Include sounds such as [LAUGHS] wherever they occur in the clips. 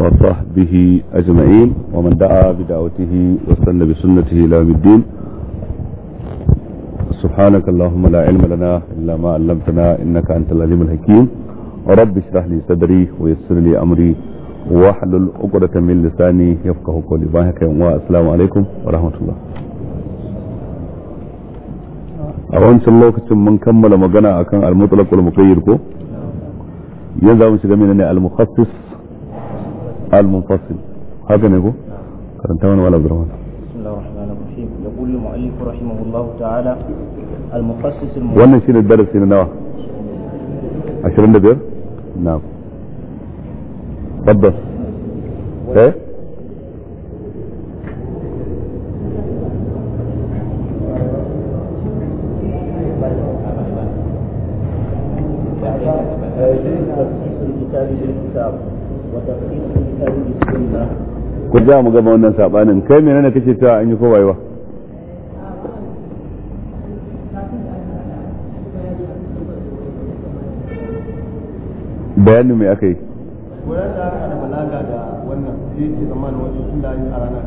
وصحبه أجمعين ومن دعا بدعوته وسن بسنته إلى يوم الدين سبحانك اللهم لا علم لنا إلا ما علمتنا إنك أنت العليم الحكيم رب اشرح لي صدري ويسر لي أمري واحلل عقدة من لساني يفقه قولي باهك والسلام عليكم ورحمة الله a wancan lokacin mun kammala magana akan al-mutlaq al-muqayyid ko yanzu za mu shiga mene ne al-mukhassis al-munfasil haka ne ko karanta mana wala abdurrahman bismillahirrahmanirrahim yaqul al-mu'allif rahimahullahu ta'ala al-mukhassis al-munfasil wannan shine darasi na nawa 25 na'am tabbas eh za mu gama wannan sabanin kai menene kake cewa an yi ko wayewa Bayanin mai aka yi wurin da aka da balaga da wannan sai ke zamanin wasu tun da yi a ranar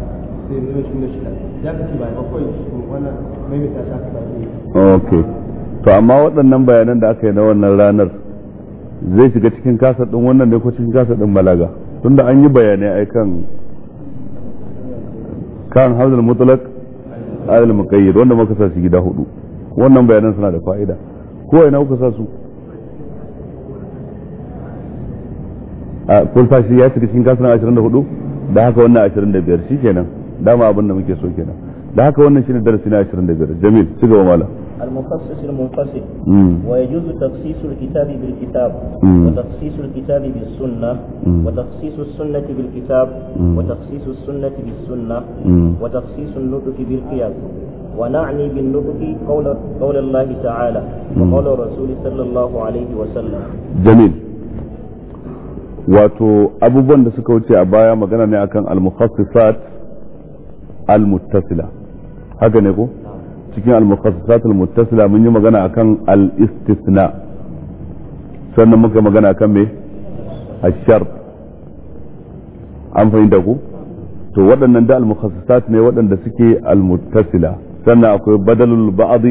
sai zai shi na shida ya kace ba bakwai wannan maimaita ta ka ba ok to amma waɗannan bayanan da aka yi na wannan ranar zai shiga cikin kasa ɗin wannan ne ko cikin kasa ɗin balaga tunda an yi bayanai ai kan kan hazal mutlaq al muqayyid wanda muka sa shi gida hudu wannan bayanan suna da fa'ida ko ina kuka sa su a kun sa shi ya shiga cikin kasuwan 24 da haka wannan 25 shikenan dama abin da muke so kenan da haka wannan shine darasi na 25 jamil ci gaba malam المخصص المنفصل ويجوز تخصيص الكتاب بالكتاب وتخصيص الكتاب بالسنة وتخصيص السنة بالكتاب وتخصيص السنة بالسنة وتخصيص النطق بالقياس ونعني بالنطق قول قول الله تعالى وقول الرسول صلى الله عليه وسلم جميل wato abubuwan da suka wuce a baya magana ne akan al-mukhassisat al-muttasila haka ne ko cikin al-mukhassasat al-muttasila mun yi magana akan al-istisna sannan muka magana akan me ashar an fahimta ku to waɗannan da al-mukhassasat ne waɗanda suke al-muttasila sannan akwai badalul ba'd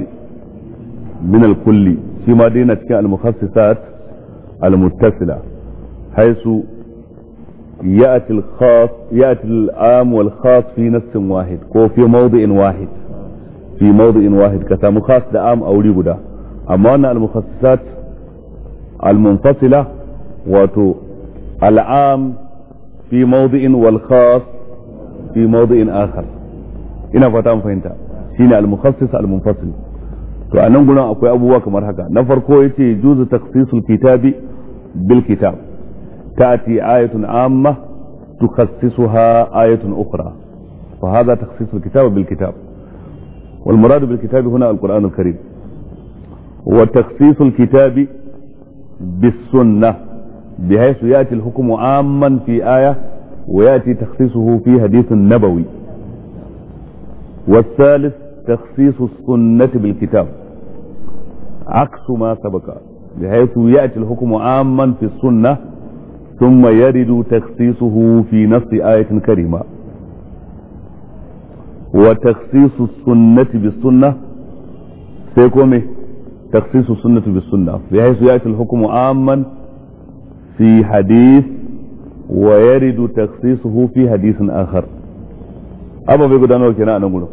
min al-kulli shi ma dai na cikin al-mukhassasat al-muttasila haisu يأتي الخاص يأتي العام والخاص في نفس واحد أو في موضع واحد في موضع واحد كتامخاص دام او ليبدا اما ان المخصصات المنفصلة واتو العام في موضع والخاص في موضع اخر إنا فتام فهمت هنا المخصص المنفصل تو انا نقول اكو أبو كما هكا نفر كو يجوز تخصيص الكتاب بالكتاب تاتي آية عامة تخصصها آية أخرى فهذا تخصيص الكتاب بالكتاب والمراد بالكتاب هنا القرآن الكريم وتخصيص الكتاب بالسنة بحيث يأتي الحكم عاما في آية ويأتي تخصيصه في حديث نبوي والثالث تخصيص السنة بالكتاب عكس ما سبق بحيث يأتي الحكم عاما في السنة ثم يرد تخصيصه في نص آية كريمة wa taksisu sunnati bis sunna sai ko me taksisu sunnati bis sunna ya haythu ya'ti al-hukmu amman fi hadith wa yaridu taksisuhu fi hadithin akhar amma bai gudanar kenan a nan gurin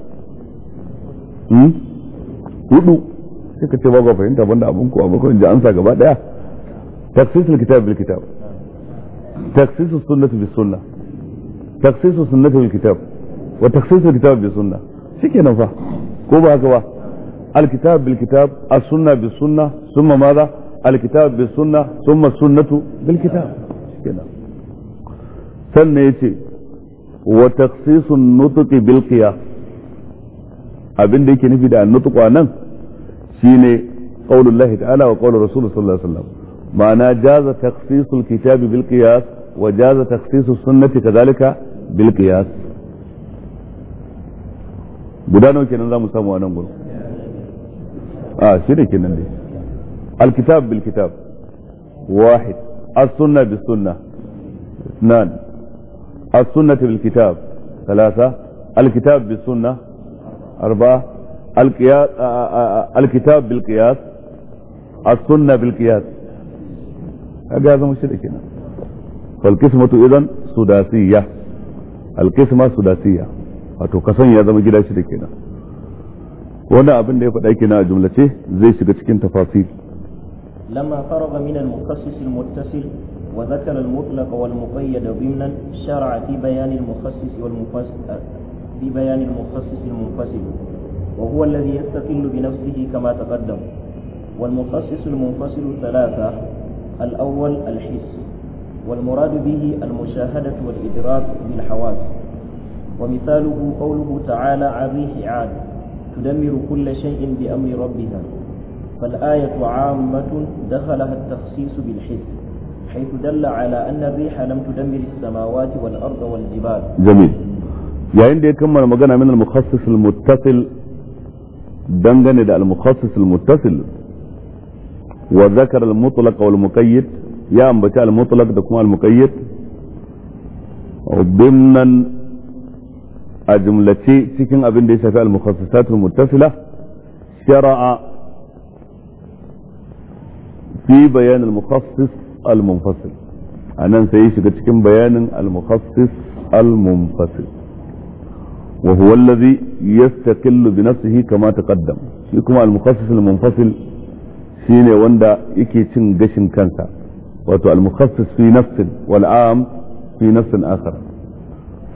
hmm hudu sai ka ce ba ba fahimta banda abun ko abun ko in ji ansa gaba daya taksisul kitab bil kitab taksisus sunnati bis sunna taksisus sunnati bil kitab wa takhsisul kitab bi sunna shikenan fa ko ba haka ba الكتاب بالكتاب السنة بالسنة ثم ماذا الكتاب بالسنة ثم السنة بالكتاب كده سنة يتي وتخصيص النطق بالقياس abin da yake nufi da annutuku a nan shine qaulullah ta'ala wa qaulur rasul sallallahu alaihi wasallam ma'ana jaza takhsisul kitabi bil qiyas wa jaza takhsisus sunnati kadhalika bil qiyas guda nawa kenan zamu samu a nan gurin a ah, shi ne kenan dai alkitab bil kitab واحد السنة بالسنة اثنان السنة بالكتاب ثلاثة الكتاب بالسنة أربعة القياس الكتاب بالقياس السنة بالقياس هذا مشترك هنا فالقسمة إذا سداسية القسمة سداسية wato ka sanya zama gida da kenan wanda abin da ya faɗa kenan a jumlace zai shiga cikin tafasir لما فرغ من المخصص المتصل وذكر المطلق والمقيد ضمنا شرع في بيان المخصص والمفصل في بيان المخصص المنفصل وهو الذي يستقل بنفسه كما تقدم والمخصص المنفصل ثلاثة الأول الحس والمراد به المشاهدة والإدراك بالحواس ومثاله قوله تعالى عن ريح عاد تدمر كل شيء بأمر ربها فالآية عامة دخلها التخصيص بالحس حيث دل على أن الريح لم تدمر السماوات والأرض والجبال جميل يا عندي كم مجانا من المخصص المتصل دنجن إلى المخصص المتصل وذكر المطلق والمقيد يا أم المطلق دكما المقيد ضمنا a jumlace cikin abin da ya shafi al-mukhassasatul muttasila shara'a fi bayan al-mukhassis al-munfasil anan sai ya shiga cikin bayanin al-mukhassis al-munfasil wa huwa alladhi yastaqillu bi nafsihi kama taqaddam shi kuma al-mukhassis al-munfasil shine wanda yake cin gashin kansa wato al-mukhassis fi nafsin wal 'am fi nafsin akhar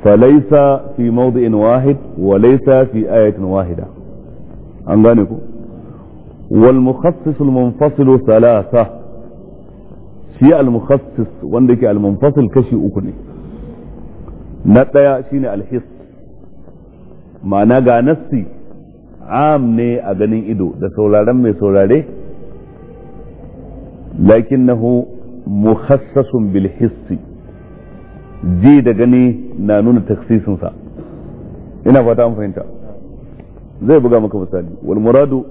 فليس في موضع واحد وليس في آية واحدة أنغانيكو والمخصص المنفصل ثلاثة شيء المخصص وندك المنفصل كشي أكني نتايا شين الحص ma'ana ga nassi am ne a ganin ido da sauraron mai saurare lakinnahu mukhassasun bil hissi ji da gani na nuna taksisinsa ina fata an fahimta zai buga maka misali wal muradu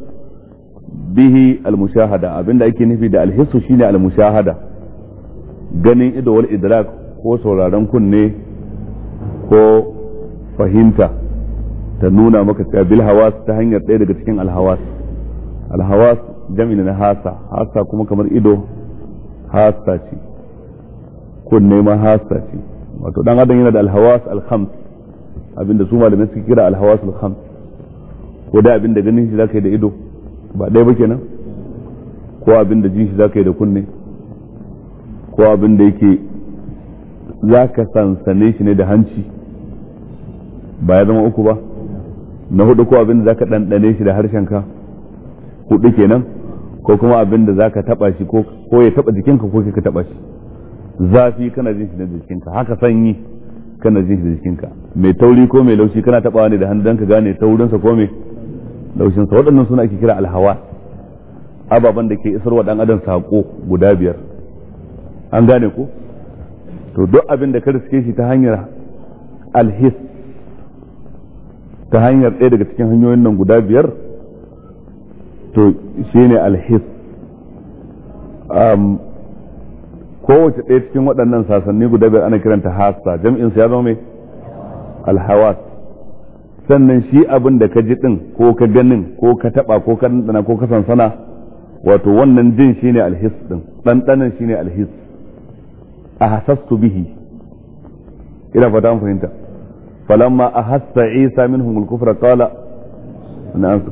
bihi al mushahada abinda ake nufi da al shine al mushahada ganin ido wal idrak ko sauraron kunne ko fahimta ta nuna maka cewa bil hawas ta hanyar ɗaya daga cikin al hawas al hawas jami'in na hasa hasa kuma kamar ido hasa ce kunne ma hasa ce wato dan adam yana da alhawas alkhams abinda su malamai suke kira alhawas alkhams ko da abinda ganin shi zaka yi da ido ba ɗaya ba kenan ko abinda jin shi zaka yi da kunne ko abinda yake zaka sansane shi ne da hanci ba ya zama uku ba na hudu ko abinda zaka ɗanɗane shi da harshen ka hudu kenan ko kuma abinda zaka taba shi ko ya taba jikinka ko ka taba shi zafi kana jin shi da jikinka haka sanyi kana jin shi da jikinka mai tauri ko mai laushi kana taba ne da hannu dan ka gane taurinsa ko mai sa waɗannan suna ake kira alhawa ababan da ke isarwa dan adam sako guda biyar an gane ko to duk abin da ka riske shi ta hanyar alhis ta hanyar ɗaya daga cikin hanyoyin nan guda biyar to shine alhis um, kowace ɗaya cikin waɗannan sasanni guda biyar ana kiranta hassa jam'in ya zama mai alhawas sannan shi abin da ka ji din ko ka ganin ko ka taba ko ka dandana ko ka sansana wato wannan jin shi ne alhis din dandanan ne alhis A hasastu bihi ina fata mun fahimta falamma ahassa isa minhum al-kufra qala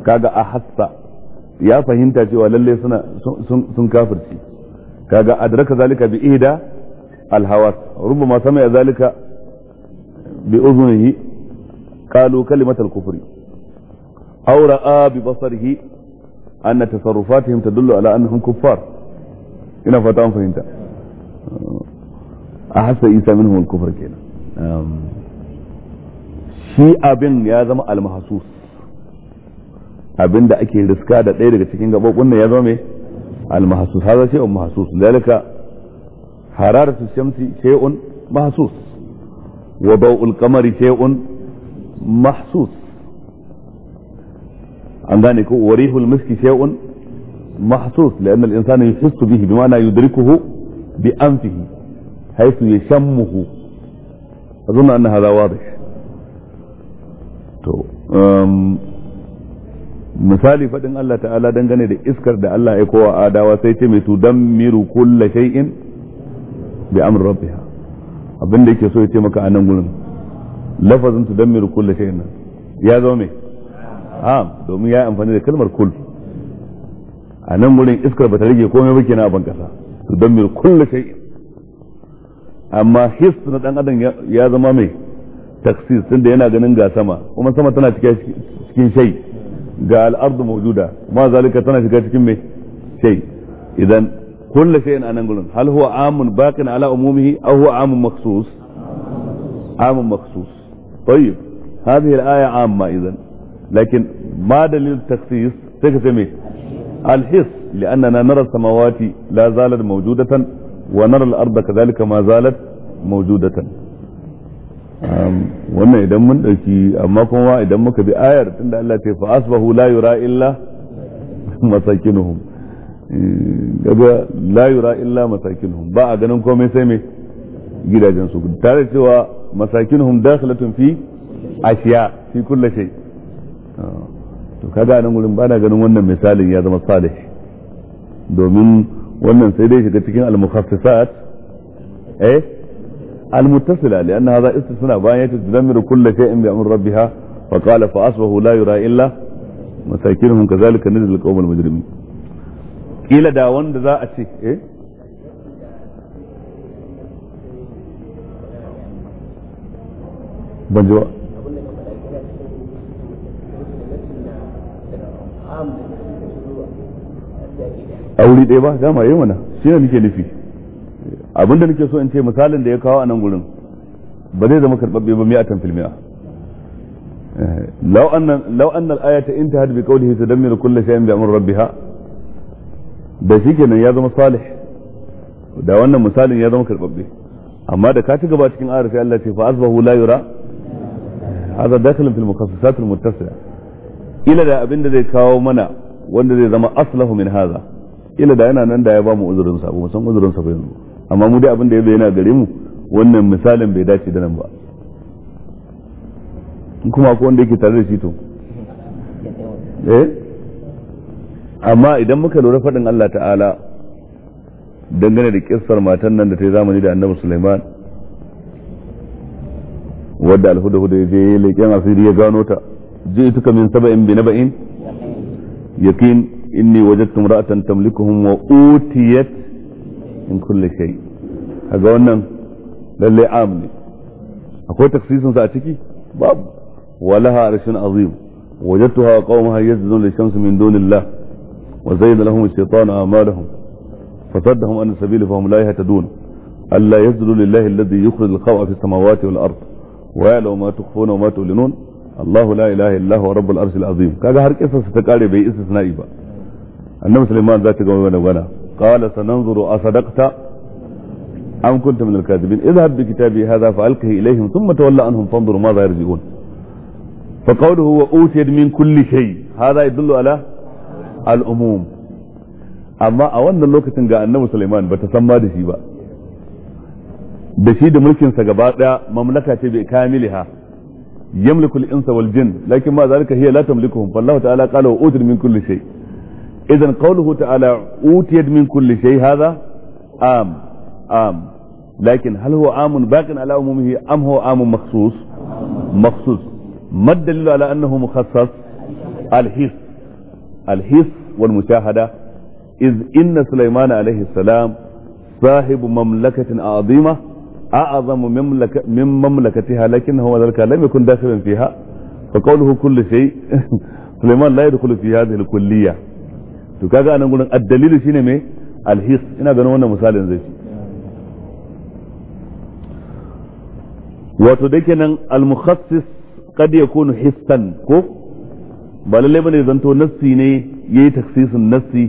kaga ahassa ya fahimta cewa lalle suna sun kafirci kaga adraka zalika bi ihda alhawas rubama sami'a zalika bi uzunihi qalu kalimat al-kufri aw ra'a bi basarihi anna tasarrufatihim tadullu ala annahum kuffar ina fata an fahimta a hasa isa minhum al-kufr kenan shi abin ya zama al-mahsus abin da ake riska da ɗaya daga cikin gaɓoɓin ya zama mai المحسوس هذا شيء محسوس لذلك حرارة الشمس شيء محسوس وضوء القمر شيء محسوس an ذلك وريح المسك شيء محسوس لأن الإنسان يحس به بمعنى يدركه بأنفه حيث يشمه أظن أن هذا واضح تو طيب. misali faɗin Allah ta'ala dangane da iskar da Allah ya kowa adawa sai ce mai miru kulla shay'in bi amr rabbiha abin da yake so ya ce maka a nan gurin lafazin miru kulla shay'in ya zo me ha domin ya amfani da kalmar kull a nan gurin iskar ba ta rage komai ba kenan a ban kasa miru kulla shay'in amma his na dan adam ya zama mai taksis tunda yana ganin ga sama kuma sama tana cikin shay'in ga al'ardu mawjuda ma zalika tana shiga cikin me shay idan kullu shay'in anan gurin hal huwa amun baqin ala umumihi aw huwa amun maksus amun maksus tayyib hadhihi al-aya amma idan lakin ma dalil takhsis sai ka me الحس لأننا نرى السماوات لا زالت موجودة ونرى الأرض kadhalika ma zalat mawjudatan wannan idan mun ɗauki amma kuma idan muka bi ayar da Allah ce fa asbahu la yura illa masakinuhum daga eh, la yura illa masakinuhum ba a ganin komai sai me gidajen su tare cewa masakinuhum dakhilatun fi ashiya fi kulli shay ah, to kaga nan gurin ba na ganin wannan misalin ya zama salih domin wannan sai dai shiga cikin al mukhassasat eh المتصلة لأن هذا استثناء بأن تدمر كل شيء بأمر ربها فقال فأصبه لا يرى إلا مساكنهم كذلك نزل القوم المجرمين قيل دا وند ذا أتي إيه؟ بنجوا aure ɗaya ba dama yi mana shi abin da nake so in ce misalin da ya kawo a nan gurin ba zai zama karɓaɓɓe ba mi'atan fil mi'a eh, law anna law anna al-ayata intahat bi qawlihi tudammiru kulli shay'in bi amri rabbiha da shi kenan ya zama salih da wannan misalin ya zama karɓaɓɓe amma da ka ci gaba cikin ayar sai Allah ce fa asbahu la yura hada dakhilun fil mukhassasat al-muttasila ila da abin da zai kawo mana wanda zai zama aslahu min hadha ila da yana nan da ya ba mu uzurin sa ba mu san uzurin sa ba yanzu amma mu dai abin da yazo yana gare mu wannan misalin bai dace da nan ba kuma akwai wanda yake tare da shi to eh amma idan muka lura faɗin Allah ta'ala dangane da kissar matan nan da ta yi zamani da annabi Sulaiman wadda alhuda-huda ya je leƙen asiri ya gano ta je ita min saba'in bi naba'in yakin inni wajadtum ra'atan tamlikuhum wa utiyat من كل شيء هذا wannan lalle am ne akwai taksisin sa a ciki babu walaha arshun azim wajadtuha qaumaha yazdun li shamsi min dunillah wa zayyana lahum ash-shaytanu a'malahum السبيل فهم لا يهتدون ألا يسجدوا لله الذي يخرج الخوء في السماوات والأرض ويعلم ما تخفون وما تعلنون الله لا إله إلا هو رب العرش العظيم كذا هر قصة ستقاري بي استثنائي با النبي سليمان ذات قوم وانا قال سننظر أصدقت أم كنت من الكاذبين اذهب بكتابي هذا فألقه إليهم ثم تولى عنهم فانظروا ماذا يرجعون فقوله وأوتيت من كل شيء هذا يدل على العموم amma a wannan lokacin ga annabi Sulaiman ba ta san ma da shi ba da shi da mulkinsa gaba daya mamlaka ce bai kamiliha yamlikul insa wal jin lakin ma wa إذا قوله تعالى أوتيت من كل شيء هذا عام عام لكن هل هو عام باق على عمومه أم هو عام مخصوص مخصوص ما الدليل على أنه مخصص الحس الحس والمشاهدة إذ إن سليمان عليه السلام صاحب مملكة عظيمة أعظم مملكة من مملكتها لكنه ذلك لم يكن داخلا فيها فقوله كل شيء [LAUGHS] سليمان لا يدخل في هذه الكلية to kaga anan gurin addalilu shine me alhis ina ganin wannan misalin zai ci wato da kenan al-mukhassis kad yakunu hissan ko ba lalle bane zanto nassi ne yayi taksisin nassi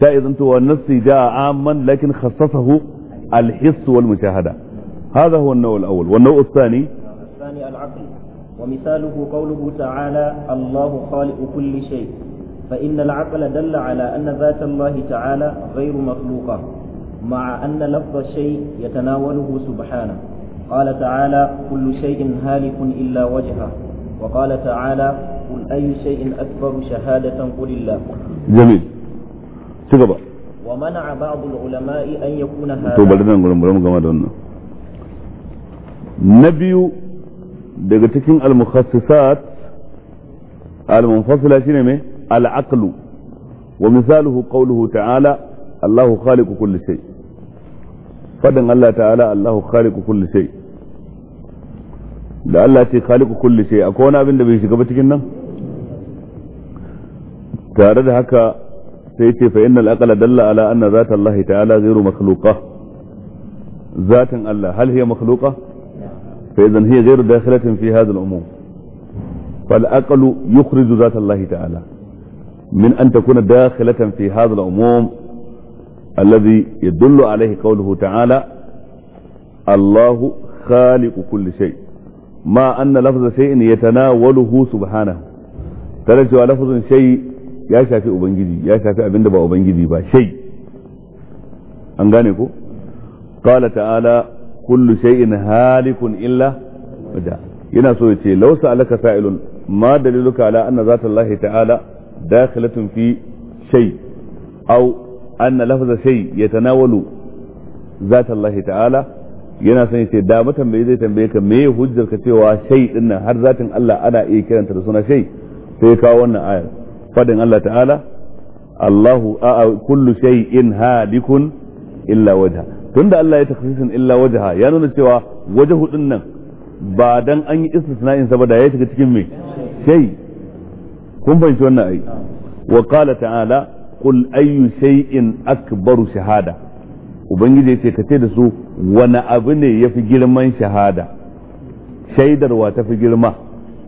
ta zanto wa nassi jaa amman lakin khassasahu al wal mushahada هذا هو النوع الأول والنوع الثاني الثاني العقل ومثاله قوله تعالى الله خالق كل شيء فإن العقل دل على أن ذات الله تعالى غير مخلوقة مع أن لفظ الشيء يتناوله سبحانه قال تعالى كل شيء هالك إلا وجهه وقال تعالى قل أي شيء أكبر شهادة قل الله جميل تقبل ومنع بعض العلماء أن يكون هذا to bari nan gurin bari mu gama da wannan na biyu daga cikin al-mukhassisat al-munfasila shine me العقل ومثاله قوله تعالى الله خالق كل شيء فدن الله تعالى الله خالق كل شيء da Allah ce khaliqu kulli shay akwai wani abin da bai shiga ba cikin nan tare da haka sai ce fa innal aqla dalla ala anna zat Allah ta'ala ghairu makhluqa zatin Allah hal hiya makhluqa fa idan hiya ghairu dakhilatin fi hadha al-umum fal aqlu yukhriju zat Allah ta'ala من أن تكون داخلة في هذا العموم الذي يدل عليه قوله تعالى الله خالق كل شيء ما أن لفظ شيء يتناوله سبحانه ترجع لفظ شيء يا شافي أبنجدي يا شافي أبندب أبنجدي با شيء أنغانيكو قال تعالى كل شيء هالك إلا وجاء ينا سويتي لو سألك سائل ما دليلك على أن ذات الله تعالى داخلة في شيء أو أن لفظ شيء يتناول ذات الله تعالى yana son ya ce da matambayi zai tambaye ka me hujjar ka cewa shai din nan har zatin Allah ana iya kiranta da suna shai sai ya kawo wannan ayar fadin Allah ta'ala Allahu a kullu shay'in halikun illa wajha tunda Allah ya takhsisin illa wajha ya nuna cewa wajhu din nan ba dan an yi istisna'in sa ba ya shiga cikin me shai kun bai wannan ai wa qala ta'ala qul ayyu shay'in akbaru shahada ubangiji yace ka ce da su wani abu ne yafi girman shahada shaidarwa ta fi girma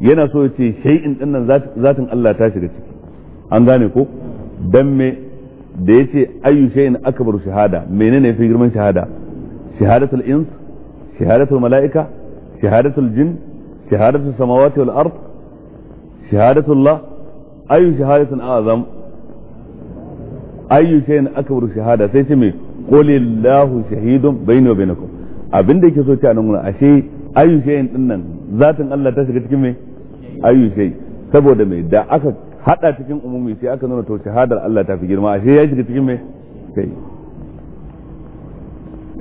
yana so ya ce shay'in din nan zatin Allah ta shiga ciki an gane ko dan me da yace ayyu shay'in akbaru shahada menene fi girman shahada shahadatul ins shahadatul mala'ika shahadatul jin shahadatul samawati wal ard shahadatul Allah ayu shahadatin azam ayu shay'in akbar shahada sai ce me qulillahu shahidun bayni wa bainakum abin da yake so ta nan ashe ayu shay'in din nan zatin Allah ta shiga cikin me ayu shay saboda me da aka hada cikin umumi sai aka nuna to shahadar Allah ta fi girma ashe ya shiga cikin me sai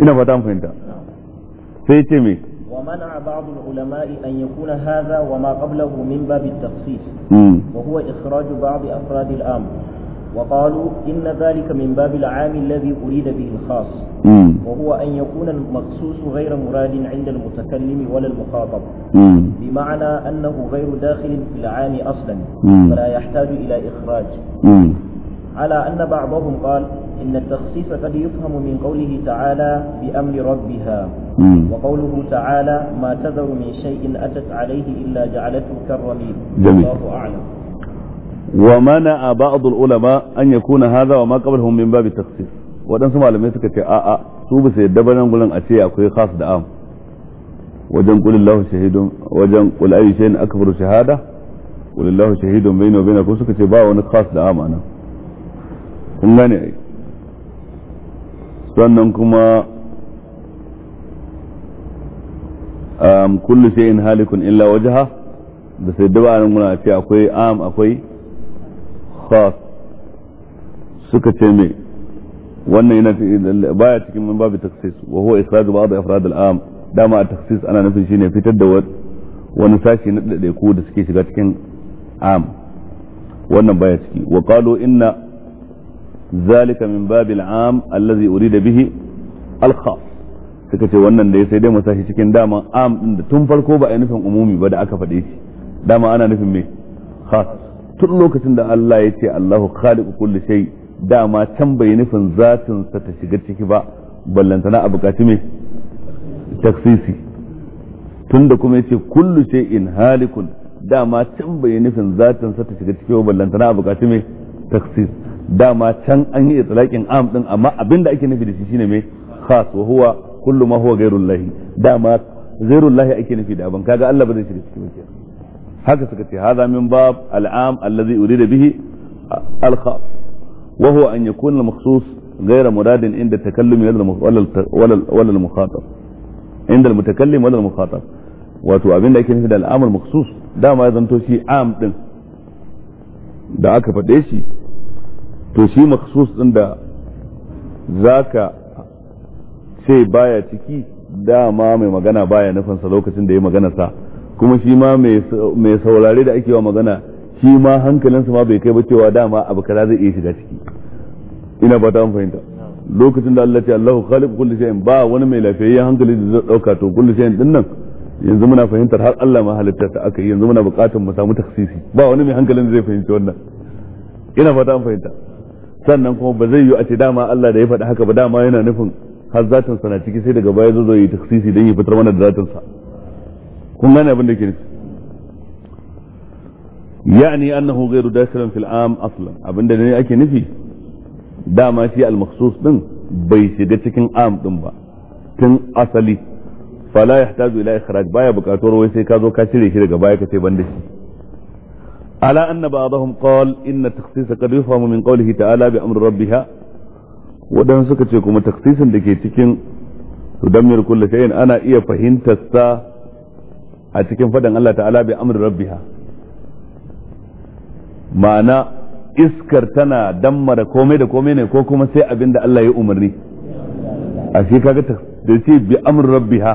ina fata fahimta sai ce me ومنع بعض العلماء أن يكون هذا وما قبله من باب التخصيص وهو إخراج بعض أفراد الأمر وقالوا إن ذلك من باب العام الذي أريد به الخاص وهو أن يكون المخصوص غير مراد عند المتكلم ولا المخاطب بمعنى أنه غير داخل في العام أصلا فلا يحتاج إلى إخراج على أن بعضهم قال إن التخصيص قد يفهم من قوله تعالى بأمر ربها وقوله تعالى ما تذر من شيء أتت عليه إلا جعلته كالرميم جميل الله أعلم ومنع بعض العلماء أن يكون هذا وما قبلهم من باب التخصيص ودن سمع لم يسكت آآ آآ سوب سيدبنا نقول لن أشياء كي خاص دعام ودن قل الله شهيد ودن قل أي شيء أكبر شهادة قل الله شهيد بيني وبينك وسكت باء ونخاص دعام أنا kun gane ai sannan kuma um, kullu in halikun illa wajaha da sai daba nan muna ce akwai am akwai khas suka ce me wannan yana baya cikin min babu taksis wa huwa ikhraju ba'd afrad al-am dama taksis ana nufin shine fitar da wani sashi na da ku da suke shiga cikin am wannan baya ciki wa qalu inna ذلك من باب العام الذي urida bihi الخاص suka ce wannan da sai dai mu sashi cikin dama am din da tun farko ba a nufin umumi ba da aka faɗe shi dama ana nufin me khas tun lokacin da Allah ya ce Allahu khaliqu kulli shay dama can bai nufin zatin sa ta shiga ciki ba ballantana a bukaci me taksisi da kuma yace kullu shay'in halikun dama can bai nufin zatin sa ta shiga ciki ba ballantana a bukaci me taksisi dama can an yi itlaqin am din amma abinda ake nufi da shi shine me khas wa huwa kullu ma huwa ghairul lahi dama ghairul lahi ake nufi da abin kaga Allah ba zai shiga cikin kenan haka suka ce hadha min bab al'am allazi urida bihi al khas wa huwa an yakuna al makhsus غير مراد عند التكلم ولا ولا المخاطب عند المتكلم ولا المخاطب wato abin da ake nufi da al'amur maksus dama ya zanto shi am din da aka faɗe shi to shi makasus din da ka ce baya ciki dama mai magana baya nufansa lokacin da ya magana sa kuma shi ma mai saurare da ake wa magana shi ma hankalinsa ma bai kai ba cewa dama abu kaza zai iya shiga ciki ina ba ta fahimta lokacin da Allah ce Allahu khaliq kulli shay'in ba wani mai lafiyayyen hankali da zai dauka to kulli shay'in din nan yanzu muna fahimtar har Allah ma halittar ta aka yi yanzu muna bukatar mu samu taksisi ba wani mai hankalin da zai fahimci wannan ina fata an fahimta sannan kuma ba zai yi a ce dama Allah da ya faɗi haka ba dama yana nufin har zatin sa na ciki sai daga baya zo yi taksisi don yi fitar mana da zatin sa kun gane abin da ke nufi yani annahu ghayru dakhilan fil am aslan abinda ne ake nufi dama shi al makhsus din bai shiga cikin am din ba tun asali fala yahtaju ila ikhraj baya bukatuwar wai sai ka zo ka cire shi daga baya ka ce banda shi على أن بعضهم قال إن التخصيص قد يفهم من قوله تعالى بأمر ربها ودن suka ce kuma taksisin da ke cikin tudammir kullu shay'in ana iya fahimtar sa a cikin fadan Allah ta'ala iskar tana dammara komai da komai ne ko kuma sai abin da Allah ya umarni a shi kaga ta da ce bi amr rabbiha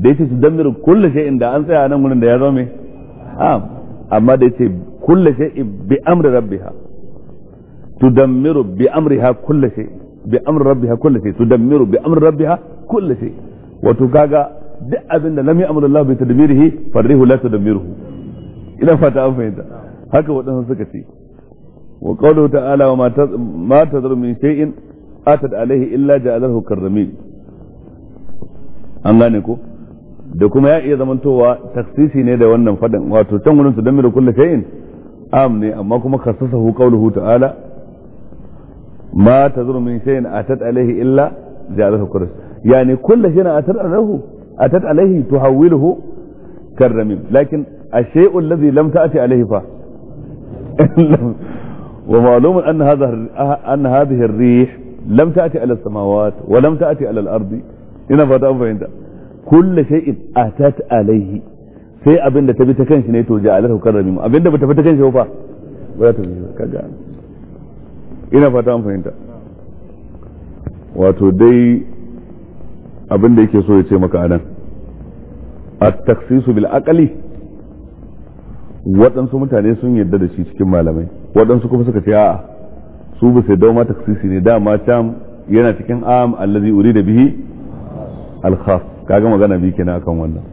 da yace tudammir kullu shay'in da an tsaya nan gurin da ya zama me amma da yace kulle shay'in bi amri rabbiha tudammiru bi amriha kullu shay bi amri rabbiha kullu shay tudammiru bi amri rabbiha kulle shay wato kaga duk abinda da lam ya'muru Allah bi tadbirihi farihu la tudammiruhu ina fata an fahimta haka wadansu suka ce wa qawluhu ta'ala wa ma tadru min shay'in atat alayhi illa ja'alahu karramin an gane ko da kuma ya iya zamantowa taksisi ne da wannan fadin wato can wurin su dan mira kullu shay'in am ne amma kuma khassasahu qawluhu ta'ala ma tazuru min shay'in atat alayhi illa ja'alahu kuras yani kullu shay'in atat alayhi atat alayhi tuhawwiluhu karramim lakin الشيء الذي لم تأتي عليه فا ومعلوم أن هذا أن هذه الريح لم تأتي على السماوات ولم تأتي على الأرض إن فتأم فإنت kullu shay'in atat alaihi sai abin da ta bi ta kanshi ne to ja'alar hukar rabimu abin da bata bi ta kanshi ba ba ta bi kaga ina fata an fahimta wato dai abin da yake so ya ce maka anan at-taksisu bil aqli waɗansu mutane sun yarda da shi cikin malamai waɗansu kuma suka ce a'a su ba sai dauma taksisi ne dama can yana cikin am allazi urida bihi al khass kaga magana bi kenan akan wannan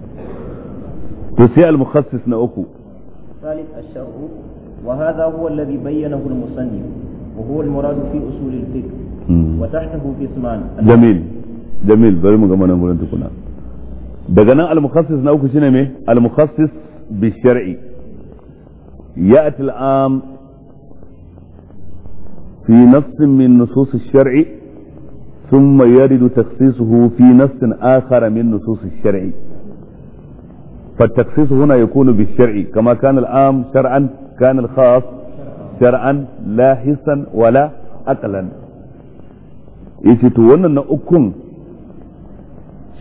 to sai al-mukhassis na uku ثالث الشرع وهذا هو الذي بينه المصنف وهو المراد في أصول الفقه وتحته قسمان جميل جميل bari mu gama nan gurin tukuna daga nan al-mukhassis na uku shine me al-mukhassis bi shar'i ya'ti al-am fi nafs min nusus ash-shar'i ثم يرد تخصيصه في نص آخر من نصوص الشرع فالتخصيص هنا يكون بالشرع كما كان العام شرعا كان الخاص شرعا لا حسا ولا أقلا يتتون أن أكون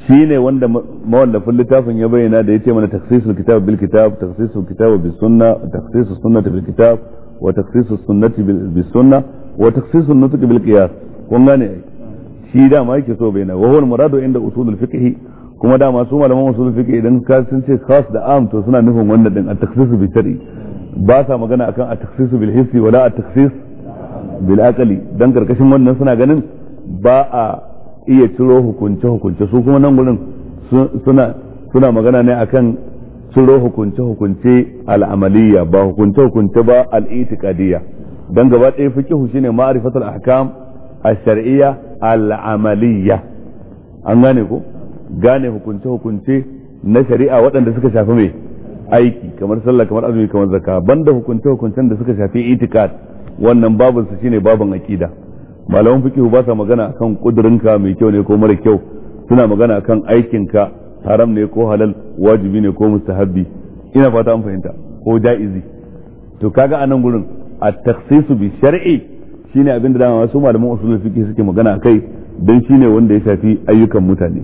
شيني وند مولد في يبين هذا يتم تخصيص الكتاب بالكتاب تخصيص الكتاب بالسنة تخصيص السنة بالكتاب وتخصيص السنة بالسنة وتخصيص النطق بالقياس وماني shi dama yake so bai na wa huwa muradu inda usulul fiqh kuma dama su malaman usulul fiqh idan ka sun ce khas da am to suna nufin wannan din at-takhsis bi shar'i ba sa magana akan at-takhsis bil hissi wala at-takhsis bil aqli dan karkashin wannan suna ganin ba a iya ciro hukunce hukunce su kuma nan gurin suna suna magana ne akan ciro hukunce hukunce al'amaliya ba hukunce hukunce ba al al-itiqadiyya dan gaba ɗaya fiqh shine ma'rifatul ahkam الشرعية العملية an gane ko gane hukunce-hukunce na shari'a waɗanda suka shafi mai aiki kamar sallah kamar azumi kamar zakka banda hukunce-hukuncen da suka shafi itikad wannan babun su shine babun aqida malaman fiqh ba sa magana akan kudurinka mai kyau ne ko mara kyau suna magana akan aikinka haram ne ko halal wajibi ne ko mustahabbi ina fata an fahimta ko ja'izi to kaga anan gurin at-takhsisu bi shar'i shine abin da dama wasu malaman usulul fiqh suke magana akai dan shine wanda ya shafi ayyukan mutane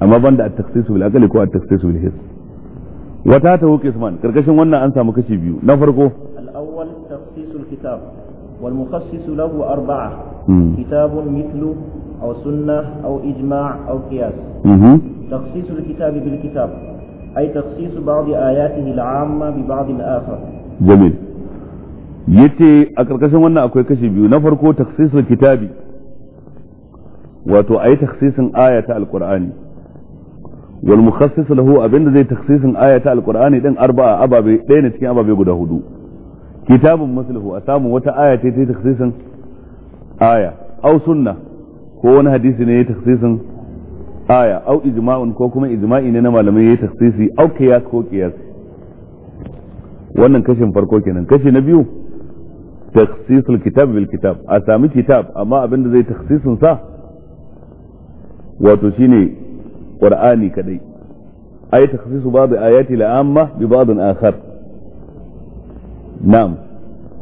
amma banda at-takhsis bil aqli ko at-takhsis bil hiss wata ta huke isman karkashin wannan an samu kashi biyu na farko al-awwal takhsisul kitab wal mukhassisu lahu arba'a hmm. kitabun mithlu أو سنة أو إجماع أو قياس تخصيص الكتاب بالكتاب أي تخصيص بعض آياته العامة ببعض الآخر جميل yace a karkashin wannan akwai kashi biyu na farko taksisul kitabi wato ayi taksisin aya ta alqur'ani wal mukhassis lahu abinda zai taksisin aya ta alqur'ani din arba'a ababe ɗaya ne cikin ababe guda hudu kitabun muslihu a samu wata aya ce ta taksisin aya au sunna ko wani hadisi ne ya taksisin aya au ijma'un ko kuma ijma'i ne na malamai ya taksisi au kiyas ko kiyas wannan kashin farko kenan kashi na biyu تخصيص الكتاب بالكتاب أسامي كتاب أما أبن زي تخصيص صح وتشيني قرآني كدي أي تخصيص بعض آيات العامة ببعض آخر نعم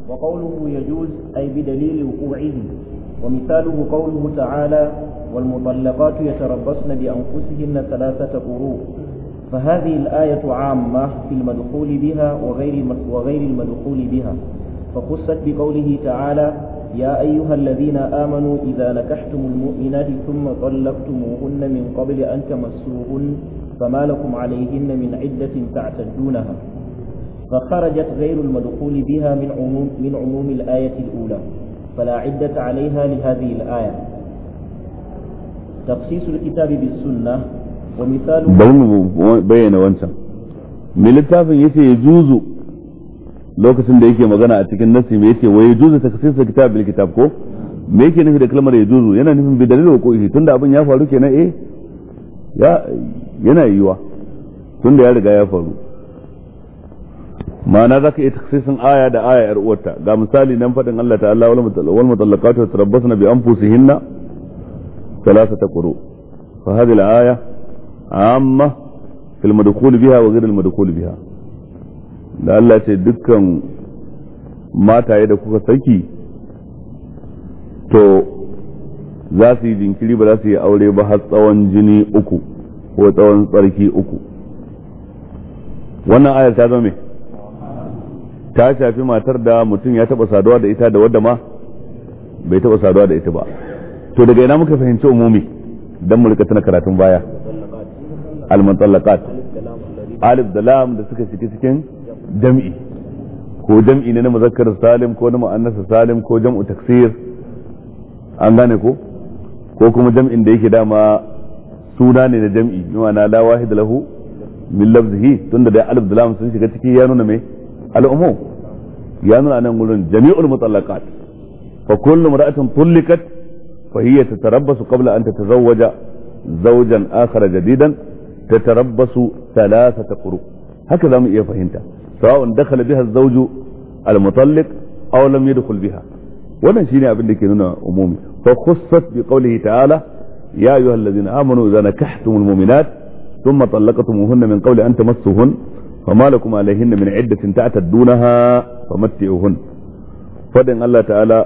وقوله يجوز أي بدليل وقوعه ومثاله قوله تعالى والمطلقات يتربصن بأنفسهن ثلاثة قروء فهذه الآية عامة في المدخول بها وغير وغير المدخول بها فخصت بقوله تعالى يا أيها الذين آمنوا إذا نكحتم المؤمنات ثم طلقتموهن من قبل أن تمسوهن فما لكم عليهن من عدة تعتدونها فخرجت غير المدخول بها من عموم, من عموم الآية الأولى فلا عدة عليها لهذه الآية تخصيص الكتاب بالسنة ومثال بين وانت من التافه يجوز lokacin da yake magana a cikin nasi mai yace wa yajuzu takhsisul kitab bil kitab ko me yake nufi da kalmar yajuzu yana nufin bi dalilin wuqu'i tunda abin ya faru kenan eh ya yana yiwa tunda ya riga ya faru ma'ana za ka iya taksisin aya da aya yar uwarta ga misali nan faɗin Allah ta'ala wal mutallaqatu tarabbasna bi anfusihinna thalathata quru fa hadhihi al-aya amma fil madkhul biha wa ghayr al madkhul biha da Allah ce dukkan mataye da kuka saki to za su yi jinkiri ba za su yi aure ba har tsawon jini uku ko tsawon tsarki uku wannan ayar ta zama ta shafi matar da mutum ya taba saduwa da ita da wadda ma bai taba saduwa da ita ba to daga ina muka fahimci umumi don mu tana karatun baya al alif da lam da suka shiga cikin jam'i ko jam'i ne na muzakkar salim ko na mu'annas salim ko jam'u taksir an gane ko ko kuma jam'in da yake dama suna ne na jam'i ma'ana la wahid lahu min lafzihi tunda da alif da lam sun shiga ciki ya nuna me al'umu ya nuna nan gurin jami'ul mutallaqat fa kullu mar'atin tulliqat fa hiya tatarabbasu qabla an tatazawwaja zawjan akhar jadidan tatarabbasu thalathata quru haka zamu iya fahimta سواء دخل بها الزوج المطلق أو لم يدخل بها wannan shine abin da ke nuna umumi fa khussat bi qawlihi ta'ala ya ayyuhal ladzina amanu idza nakahtumul mu'minat thumma talaqtumuhunna min qawli an tamassuhun fama lakum alayhinna min 'iddatin ta'taddunaha famatti'uhun fadin Allah ta'ala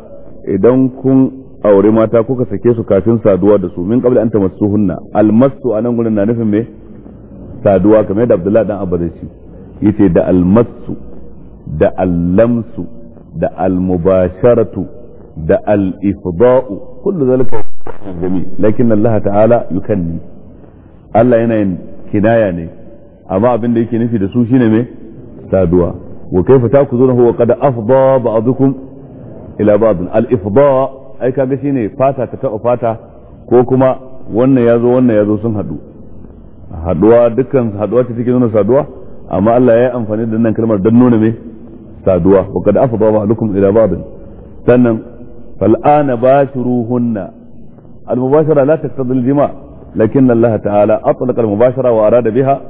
idan kun aure mata kuka sake su kafin saduwa da su min qabli an tamassuhunna almasu anan gurin na nufin me saduwa kamar da Abdullahi dan Abba zai yace da almasu da allamsu da almubasharatu da al-ifda'u kullu zalika jami lakin Allah ta'ala yukanni Allah yana yin kinaya ne amma abin da yake nufi da su shine me saduwa wa kaifa takuzunahu wa qad afda ba'dukum ila ba'd al-ifda ai kaga shine fata ta taɓa fata ko kuma wannan yazo wannan yazo sun hadu haduwa dukkan haduwa ta cikin nuna saduwa amma Allah ya amfani da nan kalmar dan nuna me saduwa wa kad afdha ba'dukum ila ba'd sannan fal ana bashiruhunna al mubashara la taqtadi al jima lakin Allah ta'ala atlaqa al mubashara wa arada biha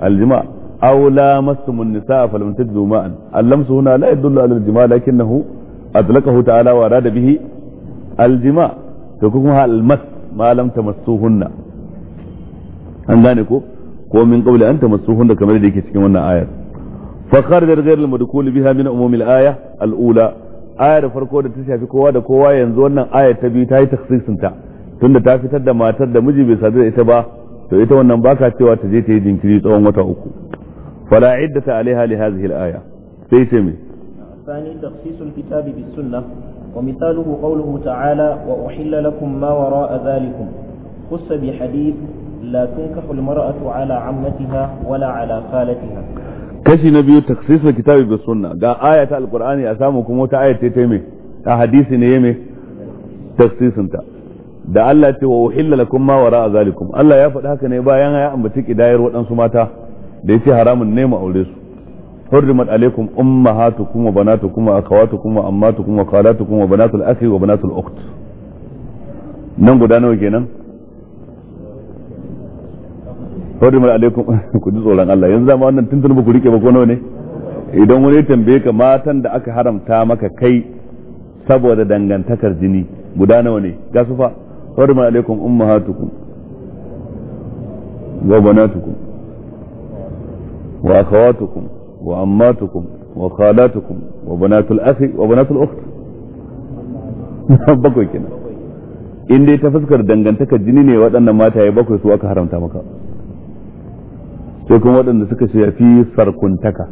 al jima aw la lamastum an fa lam tajidu ma'an al lamsu huna la yadullu ala al jima lakinnahu atlaqahu ta'ala wa arada bihi al jima to kuma al mas ma lam tamassuhunna an gane ko ko min qabli an da kamar da yake cikin wannan ayar fa kharaja ghayr al-madkhul biha min umum al-aya al-ula ayar farko da ta shafi kowa da kowa yanzu wannan ayar ta biyu ta yi takhsisin ta tunda ta fitar da matar da miji bai sadu da ita ba to ita wannan baka cewa ta je ta yi jinkiri tsawon wata uku fala iddata alaiha li hadhihi al-aya sai ce me ثاني تخصيص الكتاب بالسنة ومثاله قوله تعالى وأحل لكم ما وراء ذلكم خص بحديث لا تنكح المرأة على عمتها ولا على خالتها kashi na biyu taksisul kitabi bis sunna ga ayata alqur'ani a samu kuma wata ayat ta mai a hadisi ne yeme taksisin ta da Allah ce wa uhilla lakum ma wara'a zalikum Allah ya faɗi haka ne bayan ya ambaci kidayar waɗansu mata da yace haramun ne aure su hurrimat alaikum ummahatukum wa banatukum wa wa nan guda nawa kenan hurrimat alaikum [LAUGHS] ku ji tsoron Allah yanzu zama wannan tuntun ba ku rike ba ko nawa ne idan wani tambaye ka matan da aka haramta maka kai saboda dangantakar jini guda nawa ne ga su fa hurrimat alaikum ummahatukum wa banatukum wa akhawatukum wa ammatukum wa khalatukum wa banatul akhi wa banatul ukht [LAUGHS] bakwai kenan in dai ta fuskar dangantakar jini ne waɗannan mataye bakwai su aka haramta maka sai kuma waɗanda suka ce fi sarkuntaka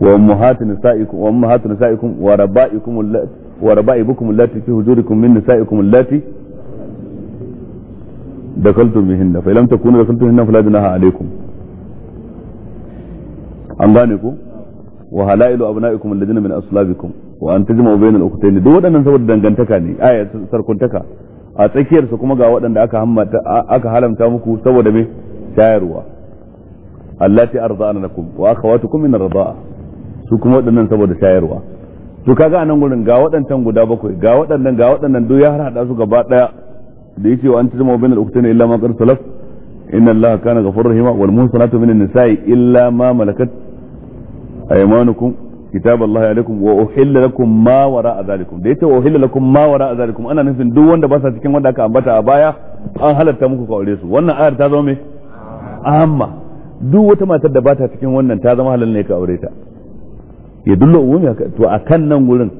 wa muhatin sa'ikum wa muhatin sa'ikum wa rabaikum wa rabaibukum allati fi hujurikum min nisaikum allati dakaltum bihin fa lam takunu dakaltum bihinna fala junaha alaykum an gane ku wa halailu abnaikum alladhina min aslabikum wa an tajma'u bayna al-ukhtayn duk waɗannan saboda dangantaka ne aya sarkuntaka a tsakiyarsa kuma ga waɗanda aka hammata aka halamta muku saboda me shayarwa allati lakum wa akhawatukum min arda'a su kuma waɗannan saboda shayarwa to kaga anan gurin ga waɗancan guda bakwai ga waɗannan ga waɗannan duk ya hada su gaba daya da yace wa antum bin al-uktayn illa ma qad salaf inna allaha kana ghafurur rahima wal muhsanatu min an-nisa'i illa ma malakat aymanukum kitab Allah alaikum wa uhilla lakum ma wara azalikum da yace wa uhilla lakum ma wara azalikum ana nufin duk wanda ba sa cikin wanda aka ambata a baya an halatta muku aure su wannan ayar ta zama me amma duk wata matar da ba ta cikin wannan ta zama halal ne ka aure ta ya dulla umumi to akan nan gurin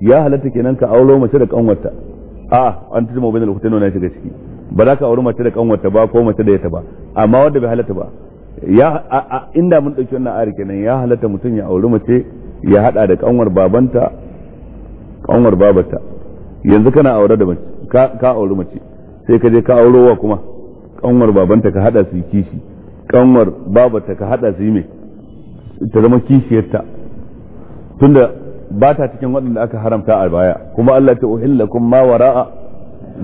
ya halatta kenan ka aure mace da kanwarta a'a an tijma bainal hutaino na shiga ciki ba za ka aure mace da kanwarta ba ko mace da yata ba amma wanda bai halatta ba ya inda mun dauki wannan ayar kenan ya halatta mutum ya auri mace ya hada da kanwar babanta kanwar babata yanzu kana aure da mace ka aure mace sai ka je ka wa kuma kanwar babanta ka hada su yi kishi kanwar babata ka hada su yi me ta zama kishiyarta tunda ba ta cikin waɗanda aka haramta a baya kuma Allah ta uhillakum ma wara'a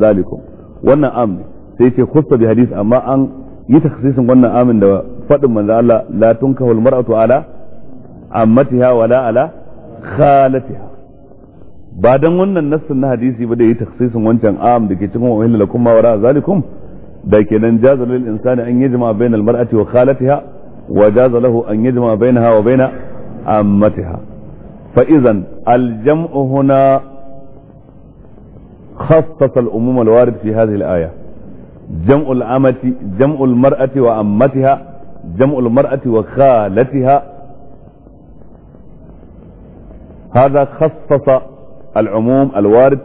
zalikum wannan amin sai ce khussa bi hadis amma an yi takhsisin wannan amin da fadin manzo Allah la tunkahul mar'atu ala عمتها ولا على خالتها بعد أن النص الحديث بدأ تخصيص من جن عام لكتكم وان لكم ما وراء ذلكم ان جاز للإنسان أن يجمع بين المرأة وخالتها وجاز له أن يجمع بينها وبين عمتها فإذا الجمع هنا خصص الأموم الوارد في هذه الآية جمع الأمة جمع المرأة وعمتها جمع المرأة وخالتها هذا خصص العموم الوارد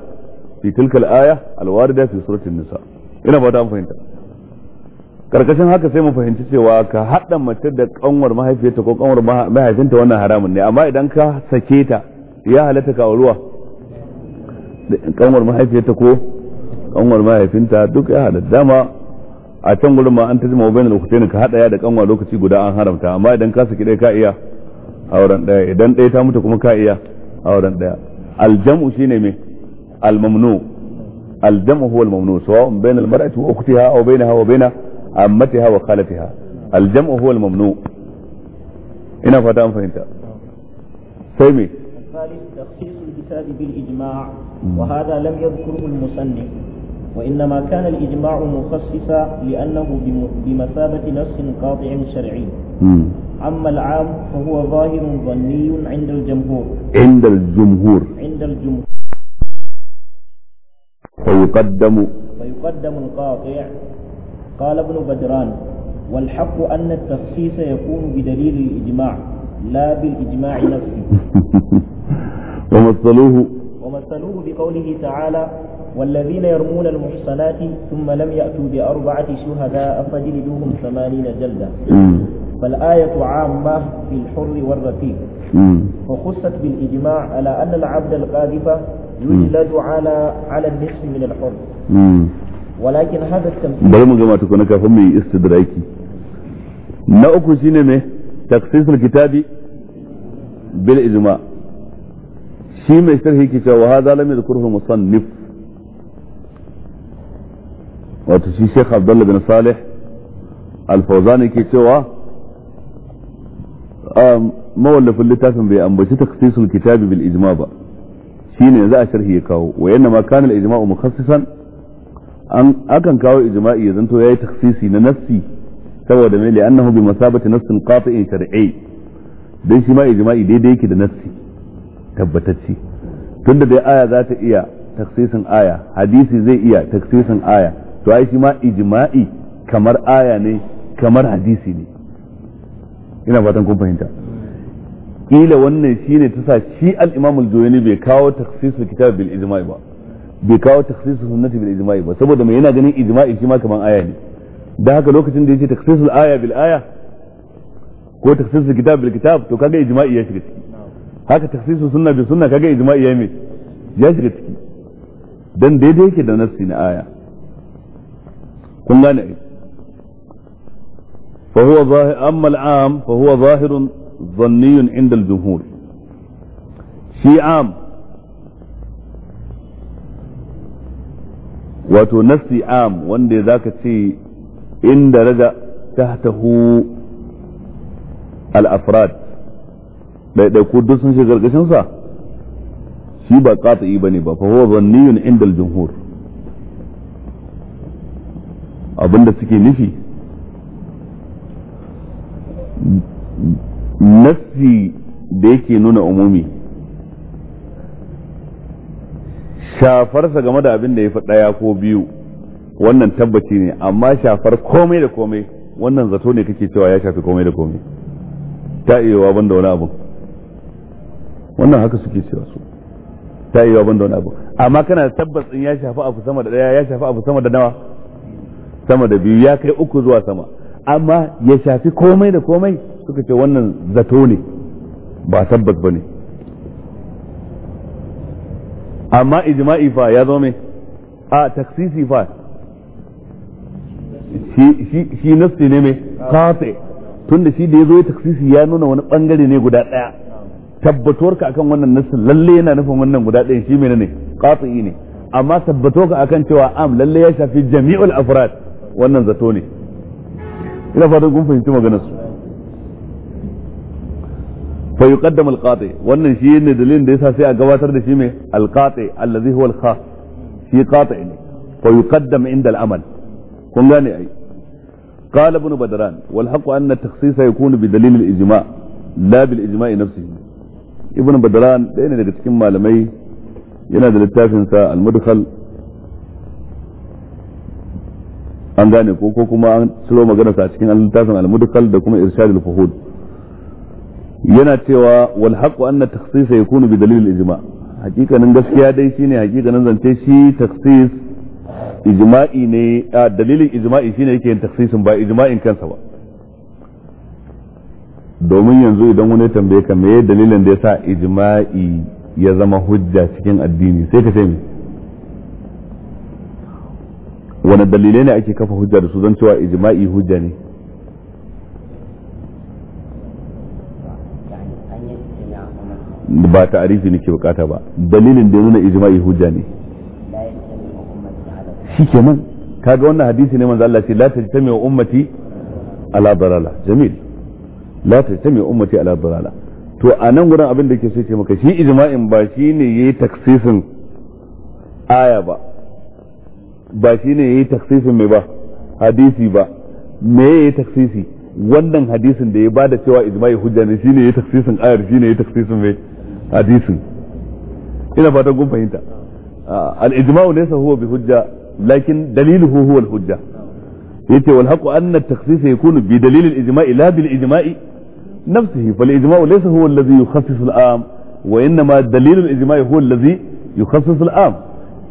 في تلك الآية الواردة في سورة النساء ina ba ta fahimta haka sai mu fahimci cewa ka haɗa mace da kanwar mahaifiyarta ko kanwar mahaifinta wannan haramun ne amma idan ka sake ta ya halatta ka ruwa kanwar mahaifiyarta ko kanwar mahaifinta duk ya dama a can gurin ma an tajma wa bainal ukhtayn ka haɗa ya da kanwa lokaci guda an haramta amma idan ka saki dai iya auren daya idan ɗaya ta mutu kuma ka iya auren daya aljam'u shine me almamnu aljam'u huwa almamnu sawa'un bainal mar'ati wa ukhtiha aw bainaha wa baina ammatiha wa khalatiha aljam'u huwa almamnu ina fata an fahimta sai me وهذا لم يذكره المصنف وإنما كان الإجماع مخصصا لأنه بمثابة نص قاطع شرعي أما العام فهو ظاهر ظني عند الجمهور عند الجمهور عند الجمهور فيقدم فيقدم القاطع قال ابن بدران والحق أن التخصيص يكون بدليل الإجماع لا بالإجماع نفسه [LAUGHS] ومثلوه ومثلوه بقوله تعالى والذين يرمون المحصنات ثم لم يأتوا بأربعة شهداء فجلدوهم ثمانين جلدة فالآية عامة في الحر والرقيق وخصت بالإجماع على أن العبد القاذف يجلد على على النصف من الحر ولكن هذا التمثيل بل من جماعة كنا كفهم استدراكي na uku shine الكتاب بالإجماع شيء ما ijma shi mai sharhi ke wato shi Sheikh Abdullah bin Salih Al-Fawzan yake cewa mawallafin littafin bai ambaci takhsisul kitabi bil ijma ba shine za a sharhi ya kawo wa yanna ma kana al ijma'u mukhassisan an akan kawo ijma'i ya zanto yayi takhsisi na nafsi saboda mai li'annahu bi masabati nassin qati'in shar'i dan shi ma ijma'i daidai yake da nafsi tabbatacci tunda dai aya za ta iya taksisin aya hadisi zai iya taksisin aya to ai shi ma ijma'i kamar aya ne kamar hadisi ne ina fatan kun fahimta kila wannan shine ta sa shi al-Imam al-Juwayni bai kawo takhsisul kitab bil ijma'i ba bai kawo takhsisul sunnati bil ijma'i ba saboda mai yana ganin ijma'i shi ma kamar aya ne dan haka lokacin da yace takhsisul aya bil aya ko takhsisul kitab bil kitab to kaga ijma'i ya shiga ciki haka takhsisul sunna bil sunna kaga ijma'i ya mai ya shiga ciki dan daidai yake da nassi na aya kun gane ai fa huwa zahir amma al'am fa huwa zahirun dhanniyun inda al-jumhur shi am wato nafsi am wanda zaka ce inda raja tahtahu al-afrad ɗaiɗaiku duk sun shiga ƙarƙashinsa shi ba ƙata'i ba ne ba fa huwa zanniyun inda al-jumhur abinda suke nufi nassi da yake nuna umumi shafarsa game da abin da ya fi ɗaya ko biyu wannan tabbaci ne amma shafar komai da komai wannan zato ne kake cewa ya shafi komai da komai ta iyawa ban da wani abu wannan haka suke cewa su ta iyawa ban da wani abu amma kana tabbacin ya shafi abu sama da ɗaya ya shafi abu sama da nawa sama da biyu ya kai uku zuwa sama amma ya shafi komai da komai suka ce wannan zato ne ba tabbas ba ne amma ijma'i fa ya zo mai a taksisi fa shi nafsi ne mai kafe tun da shi da ya zo ya taksisi ya nuna wani bangare ne guda ɗaya ka akan wannan nasu lalle yana nufin wannan guda ɗaya shi mai ne kafi ne amma ka akan cewa am lalle ya shafi jami'ul afrad wannan zato ne ina fatan kun fahimci maganar su fa yuqaddam al wannan shi ne dalilin da yasa sai a gabatar da shi mai al-qati allazi huwa al-khas shi qati ne fa yuqaddam inda al-amal kun gane ai قال ابن بدران والحق أن التخصيص يكون بدليل الإجماع ne بالإجماع نفسه ابن بدران da لك تكون معلمي ينادي للتافن المدخل an gane ko ko kuma an tsoro magana sa cikin al-littafin al-mudkhal da kuma irshadul fuhud yana cewa wal haqqu anna takhsis yakunu bi dalil al-ijma hakikanin gaskiya dai shine hakikanin zance shi takhsis ijma'i ne a dalilin ijma'i shine yake yin takhsisin ba ijma'in kansa ba domin yanzu idan wani tambaye ka me dalilin da yasa ijma'i ya zama hujja cikin addini sai ka ce wani dalilai ne ake kafa hujja da su zan cewa ijma'i hujja ne ba ta'arifi nake bukata ba dalilin da nuna ijma'i hujja ne shi ke shikenan kaga wannan hadisi ne manzo Allah ce la tajtami ummati ala dalala jamil la tajtami ummati ala dalala to a nan gurin abin da ke so ce maka shi ijma'in ba shi ne yayi taksisin aya ba ba shine yayi taksisin mai ba hadisi ba me yayi taksisi wannan hadisin da ya bada cewa ijma'i hujja ne shine yayi taksisin ayar shine yayi taksisin mai hadisin ina fatan kun fahimta al ijma'u laysa huwa bi hujja lakin daliluhu huwa al hujja yace wal haqu anna at taksisa yakunu bi dalil al ijma'i la bil ijma'i fal ijma'u laysa huwa نفسه فالإجماع ليس هو الذي يخصص العام وإنما دليل الإجماع هو الذي يخصص العام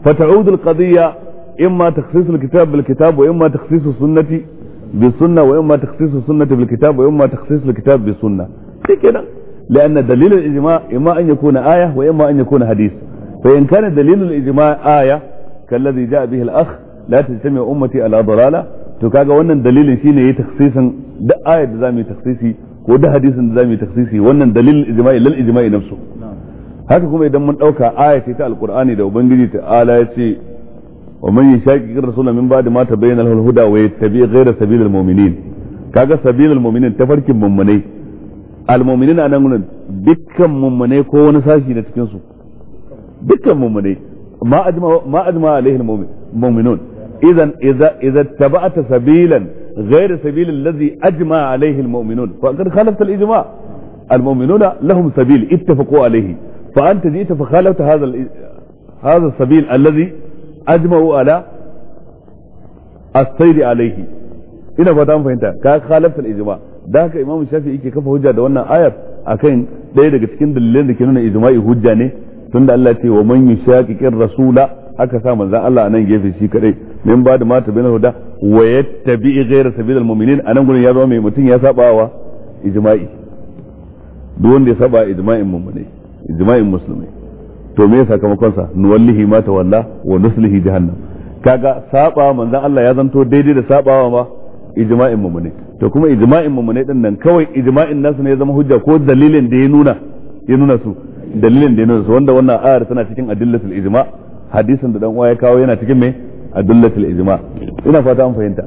فتعود القضية imma takhsisul kitab bil kitab wa imma takhsisus sunnati bis sunna wa imma takhsisus sunnati bil kitab wa لأن دليل الإجماع إما أن يكون آية وإما أن يكون حديث فإن كان دليل الإجماع آية كالذي جاء به الأخ لا تجتمع أمتي على ضلالة to kaga wannan dalilin shine yayi taksisin da ayat da zamu ko da hadisin da zamu yi wannan dalilin ijma'i lal ijma'i nafsu haka kuma idan mun ɗauka aya ce ta Alkur'ani da ubangiji ta'ala ya ومن يشاكك الرسول من بعد ما تبين له الهدى ويتبع غير سبيل المؤمنين kaga sabil mu'minin tafarkin mummunai almu'minin a nan gurin dukkan mummunai ko wani sashi na cikin su dukkan ma ajma ma ajma alaihi mu'minun idan sabilan غير سبيل الذي أجمع عليه المؤمنون فقد خالفت الإجماع المؤمنون لهم سبيل اتفقوا عليه فأنت جئت فخالفت هذا هذا السبيل الذي ajma'u ala as-sayri alaihi ina fata mun fahimta ka khalafta al-ijma da haka imamu shafi'i ke kafa hujja da wannan ayar akan daya daga cikin dalilan da ke nuna ijma'i hujja ne tunda Allah ce wa man yushaqiqir rasula aka sa manzon Allah anan gefe shi kadai min ba da mata bin huda wa yattabi ghayra sabilil mu'minin anan gurin ya zama mai mutum ya saba wa ijma'i duk wanda ya saba ijma'in mu'mini ijma'in to me sakamakon sa nuwallihi ma walla wa nuslihi jahannam kaga saba manzon Allah ya zanto daidai da sabawa ma ijma'in mumune to kuma ijma'in mumune din nan kawai ijma'in nasu ne ya zama hujja ko dalilin da ya nuna ya nuna su dalilin da ya nuna su wanda wannan ayar tana cikin adillatul ijma' hadisin da dan uwa ya kawo yana cikin me adillatul ijma' ina fata an fahimta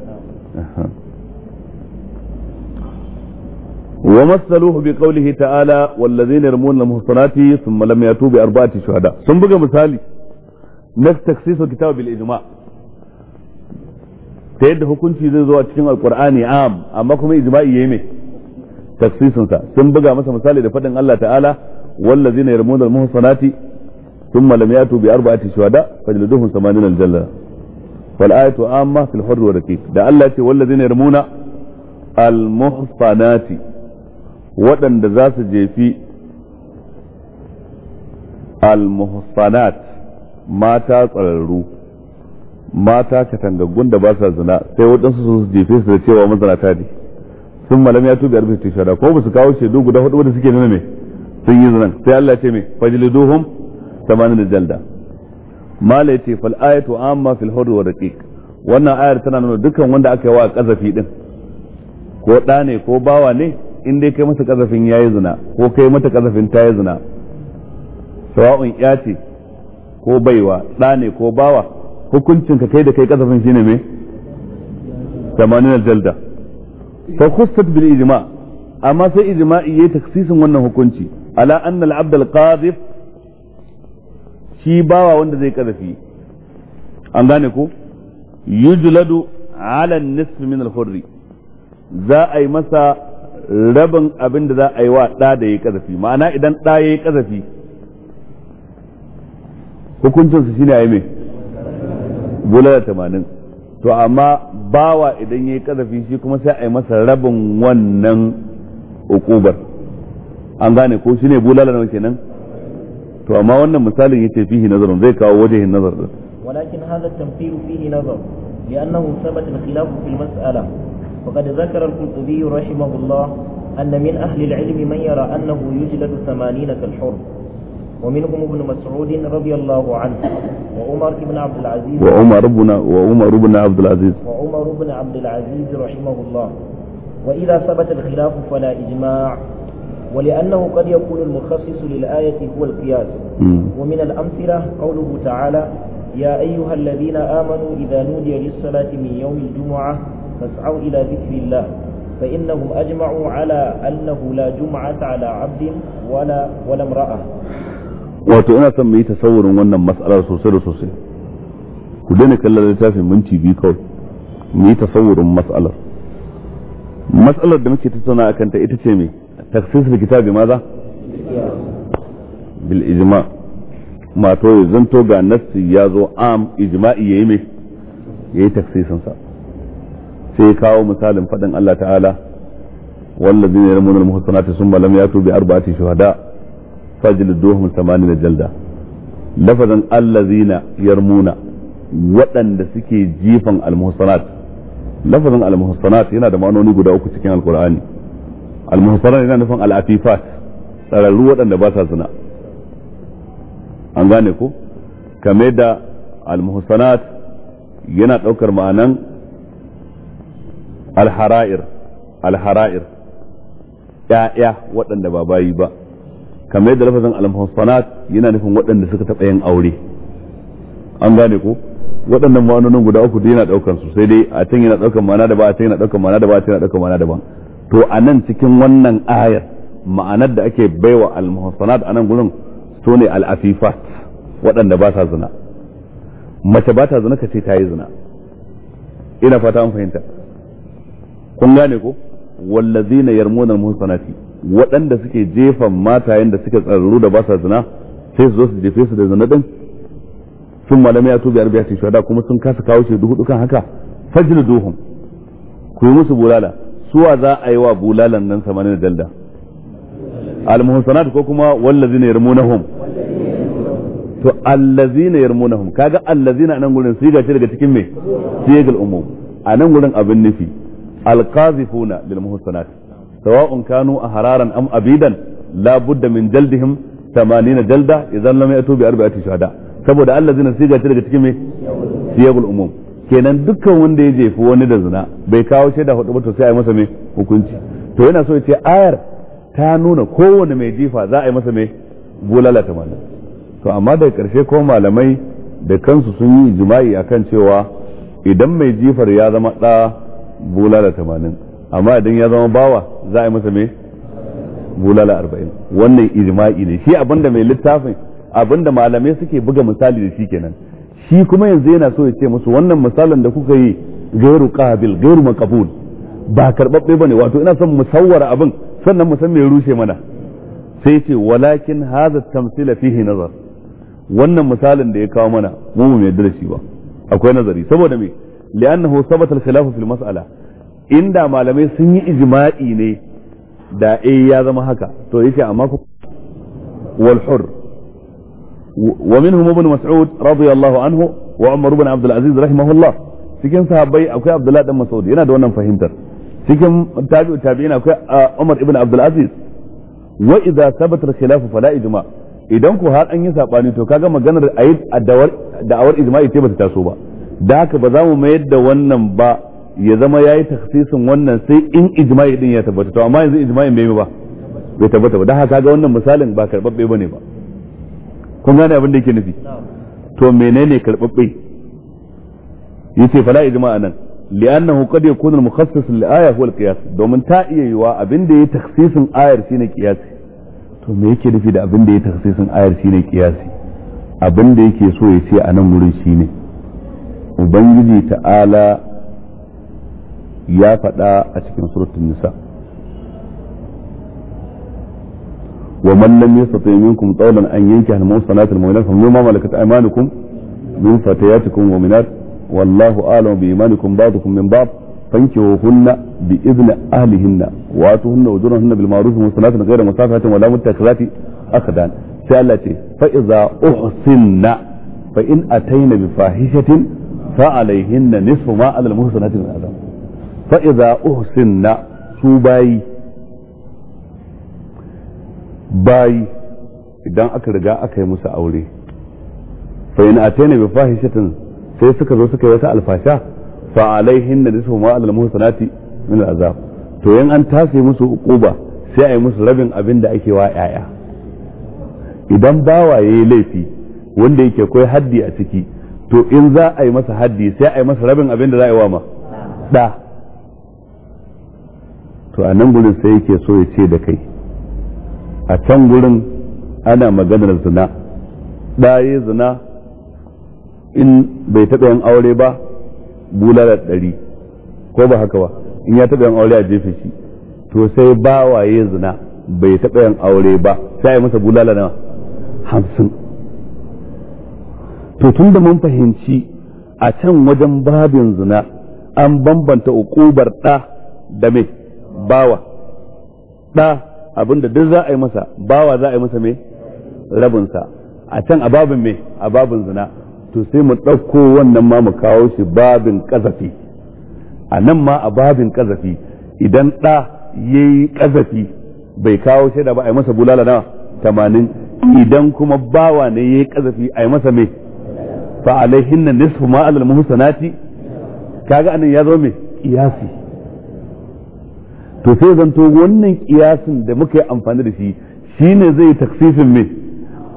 ومثلوه بقوله تعالى والذين يرمون المحصنات ثم لم يأتوا بأربعة شهداء ثم بقى مثالي نفس تخصيص الكتاب بالإجماع ta yadda hukunci zai zo a cikin alkur'ani am amma kuma ijma'i yayi mai taksisin sa sun buga masa misali da faɗin Allah ta'ala wallazina yarmuna almuhsanati thumma lam yatu bi arba'ati shuhada fajliduhum samanina aljalla wal ayatu amma fil hurr wa raqiq da Allah ce wallazina yarmuna almuhsanati waɗanda za su jefi al-muhsanat mata tsararru mata katangaggun da ba sa zina sai waɗansu su jefe su da cewa mazinata ne sun malam ya tubi arbi tishada ko ba su kawo shaidu guda hudu da suke nuna me sun yi zinan sai Allah ce me fajliduhum tamanin jalda mala yace fal ayatu amma fil hurr wa raqiq wannan ayar tana nuna dukkan wanda aka yi wa kazafi din ko ɗa ne ko bawa ne in dai kai masa kazafin yayi zina ko kai mata kazafin ta yi zina sawa'un ya ce ko baiwa ɗa ne ko bawa hukuncin ka kai da kai kazafin shine me tamanin aljalda fa khussat bil ijma amma sai ijma'i yayi taksisin wannan hukunci ala anna al abd al qadhif shi bawa wanda zai kazafi an gane ko yujladu ala nisf min al hurri za a yi masa rabin abin da za a yi wa ɗa da ya ƙazafi ma'ana idan ɗa ya yi ƙazafi hukuncinsu shine a yi mai bulala tamanin to amma bawa idan ya yi ƙazafi shi kuma sai a yi masa rabin wannan hukubar an gane ko shine bulala nawa kenan to amma wannan misalin yace fihi nazarin zai kawo wajehin nazar da. walakin hadha at-tamthil fihi nazar لأنه ثبت الخلاف في المسألة وقد ذكر القرطبي رحمه الله أن من أهل العلم من يرى أنه يجلد ثمانين كالحر ومنهم ابن مسعود رضي الله عنه وعمر بن عبد العزيز وعمر بن وعمر بن عبد العزيز وعمر بن عبد العزيز رحمه الله وإذا ثبت الخلاف فلا إجماع ولأنه قد يكون المخصص للآية هو القياس ومن الأمثلة قوله تعالى يا أيها الذين آمنوا إذا نودي للصلاة من يوم الجمعة فاسعوا إلى ذكر الله فإنهم أجمعوا على أنه لا جمعة على عبد ولا ولا امرأة wato ina son mai tasawurin wannan matsalar sosai da sosai ku daina kallon littafin minti biyu kawai mu yi tasawurin matsalar matsalar da muke tattauna akan ta ita ce mai taksis da kitabi maza bil ijma mato ya zanto ga nassi ya zo am ijma'i yayi mai yayi taksisin sa sai ya kawo misalin faɗin Allah ta'ala والذين يرمون المحصنات ثم لم يأتوا بأربعة شهداء فاجلدوهم ثمانين جلدة لفظا الذين يرمون waɗanda suke jifan almuhsanat lafazin almuhsanat yana da ma'anoni guda uku cikin alkur'ani almuhsanat yana nufin al'afifat tsararru waɗanda ba sa zina an gane ku. kame da almuhsanat yana ɗaukar ma'anan alhara'ir alhara'ir ya'ya waɗanda ba bayi ba kamar yadda lafazin almuhsanat yana nufin waɗanda suka taɓa yin aure an gane ko waɗannan ma'anonin guda uku da yana ɗaukan su sai dai a can yana ɗaukan ma'ana da ba a can yana ɗaukan ma'ana da ba a can yana ɗaukan ma'ana da ba to a nan cikin wannan ayar ma'anar da ake baiwa almuhsanat a nan gurin su ne al'afifat waɗanda ba sa zina mace ba ta zina ka ce ta yi zina ina fata an fahimta kun gane ko wallazina yarmuna muhsanati waɗanda suke jefa matayen da suke tsararru da ba sa zina sai su zo su jefe su da zina din sun malamai ya tubi arbiya ce shada kuma sun kasa kawo shi duhu kan haka fajr duhum ku yi musu bulala suwa za a yi wa bulalan nan samanin dalda al ko kuma wallazina yarmunahum to allazina yarmunahum kaga allazina nan gurin sai gashi daga cikin me sigal umum anan gurin abin nufi القاذفون للمحصنات سواء كانوا أحرارا أم أبيدا لا بد من جلدهم ثمانين جلدة إذا لم يأتوا بأربعة شهداء saboda allazina siga ta daga cikin me siyagul kenan dukkan wanda ya jefi wani da zina bai kawo shaida hudu ba to sai a yi masa me hukunci to yana so ya ce ayar ta nuna kowane mai jifa za a yi masa me bulala ta to amma da karshe ko malamai da kansu sun yi jima'i akan cewa idan mai jifar ya zama ɗa Bula da tamanin amma idan ya zama bawa za a yi masa mai bulala arba'in wannan ijma'i ne shi abinda mai littafin abinda malamai suke buga misali da shi kenan shi kuma yanzu yana so ya ce musu wannan misalin da kuka yi gairu qabil gairu maqbul ba karbabbe bane wato ina son musawwara abin sannan mu san me rushe mana sai ce walakin hadha tamsila fihi nazar wannan misalin da ya kawo mana mu mu mai ba akwai nazari saboda me لأنه ثبت الخلاف في المسألة إن دا ما لم يسني إجماعي ني دا إي يا ذا مهكا تو إيش أماكو والحر ومنهم ابن مسعود رضي الله عنه وعمر بن عبد العزيز رحمه الله سيكون صحابي أو عبد الله بن مسعود هنا دونا فهمتر سيكون تابع تابعين أو آه، عمر بن عبد العزيز وإذا ثبت الخلاف فلا إجماع إذا كو هار أن يسابني تو كاغا مغنر أيد الدور دعور إجماعي تيبت تاسوبا da haka ba za mu mayar da wannan ba ya zama ya yi taksisin wannan sai in ijma'i din ya tabbata to amma yanzu ijma'in bai ba bai tabbata ba da haka ga wannan misalin ba karɓaɓɓe ba ne ba kun gane abin da yake nufi to menene karɓaɓɓe yace fala ijma'a nan li'annahu qad yakunu al-mukhassis lil-aya huwa al-qiyas domin ta iya yiwa abin da ya taksisin ayar shine qiyasi to me yake nufi da abin da ya taksisin ayar shine qiyasi abin da yake so ya ce a nan wurin shine ne ubangiji ta'ala ya faɗa a cikin suratul nisa ومن لم يستطع منكم طولا ان ينكح المحصنات المؤمنات فمما ملكت ايمانكم من فتياتكم ومنات والله اعلم بايمانكم بعضكم من بعض فانكحوهن باذن اهلهن واتوهن اجورهن بالمعروف محصنات غير مسافحات ولا متخذات اخدان سالتي فاذا احصن فان اتين بفاحشه فعليهن نصف ما على المحصنات من العذاب فإذا أحسن su bayi bayi idan aka riga aka yi musu aure fa in atayna bi fahishatin sai suka zo suka yi wata alfasha fa alaihinna nisfu ma al muhsanati min al azab to in an tafi musu uquba sai a yi musu rabin abin da ake wa yaya idan bawa yayi laifi wanda yake koyi haddi a ciki to in za a yi masa haddi sai a yi masa rabin abin da za a yi wa ma da to a nan gurin sai yake so ya ce da kai a can gurin ana maganar zina ɗaye zina in bai taɓa yin aure ba bulala ɗari ko ba haka ba in ya taɓa yin aure a jefe shi to sai ba waye zina bai taɓa yin aure ba sai a yi masa bulala na hamsin to tun da mun fahimci a can wajen babin zina an bambanta ukubar ɗa da mai bawa ɗa abinda duk za a yi masa bawa za a yi masa mai rabinsa a can a babin mai a babin zina to sai mu ɗauko wannan ma mu kawo shi babin ƙazafi a nan ma a babin ƙazafi idan ɗa ya yi ƙazafi bai kawo shaida ba a yi masa bulala nawa tamanin idan kuma bawa ne ya yi ƙazafi a yi masa mai fa alaihinna nisfu ma alal muhsanati kaga anan ya zama mai kiyasi to sai zanto wannan kiyasin da muka yi amfani da shi shine zai yi taksifin mai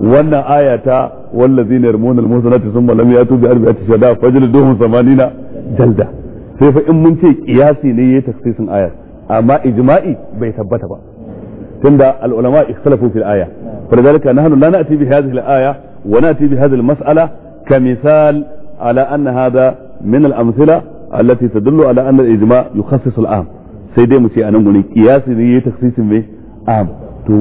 wannan aya ta wallazina yarmuna almuhsanati thumma lam yatu bi arba'ati shada fajliduhum samanina jalda sai fa in mun ce kiyasi ne yayi taksisin ayar amma ijma'i bai tabbata ba tunda al-ulama ikhtalafu fil aya فلذلك نحن لا wa بهذه الآية ونأتي بهذه mas'ala. كمثال على أن هذا من الأمثلة التي تدل على أن الإجماع يخصص العام سيدي مشي أنا قياس تخصيص به عام sa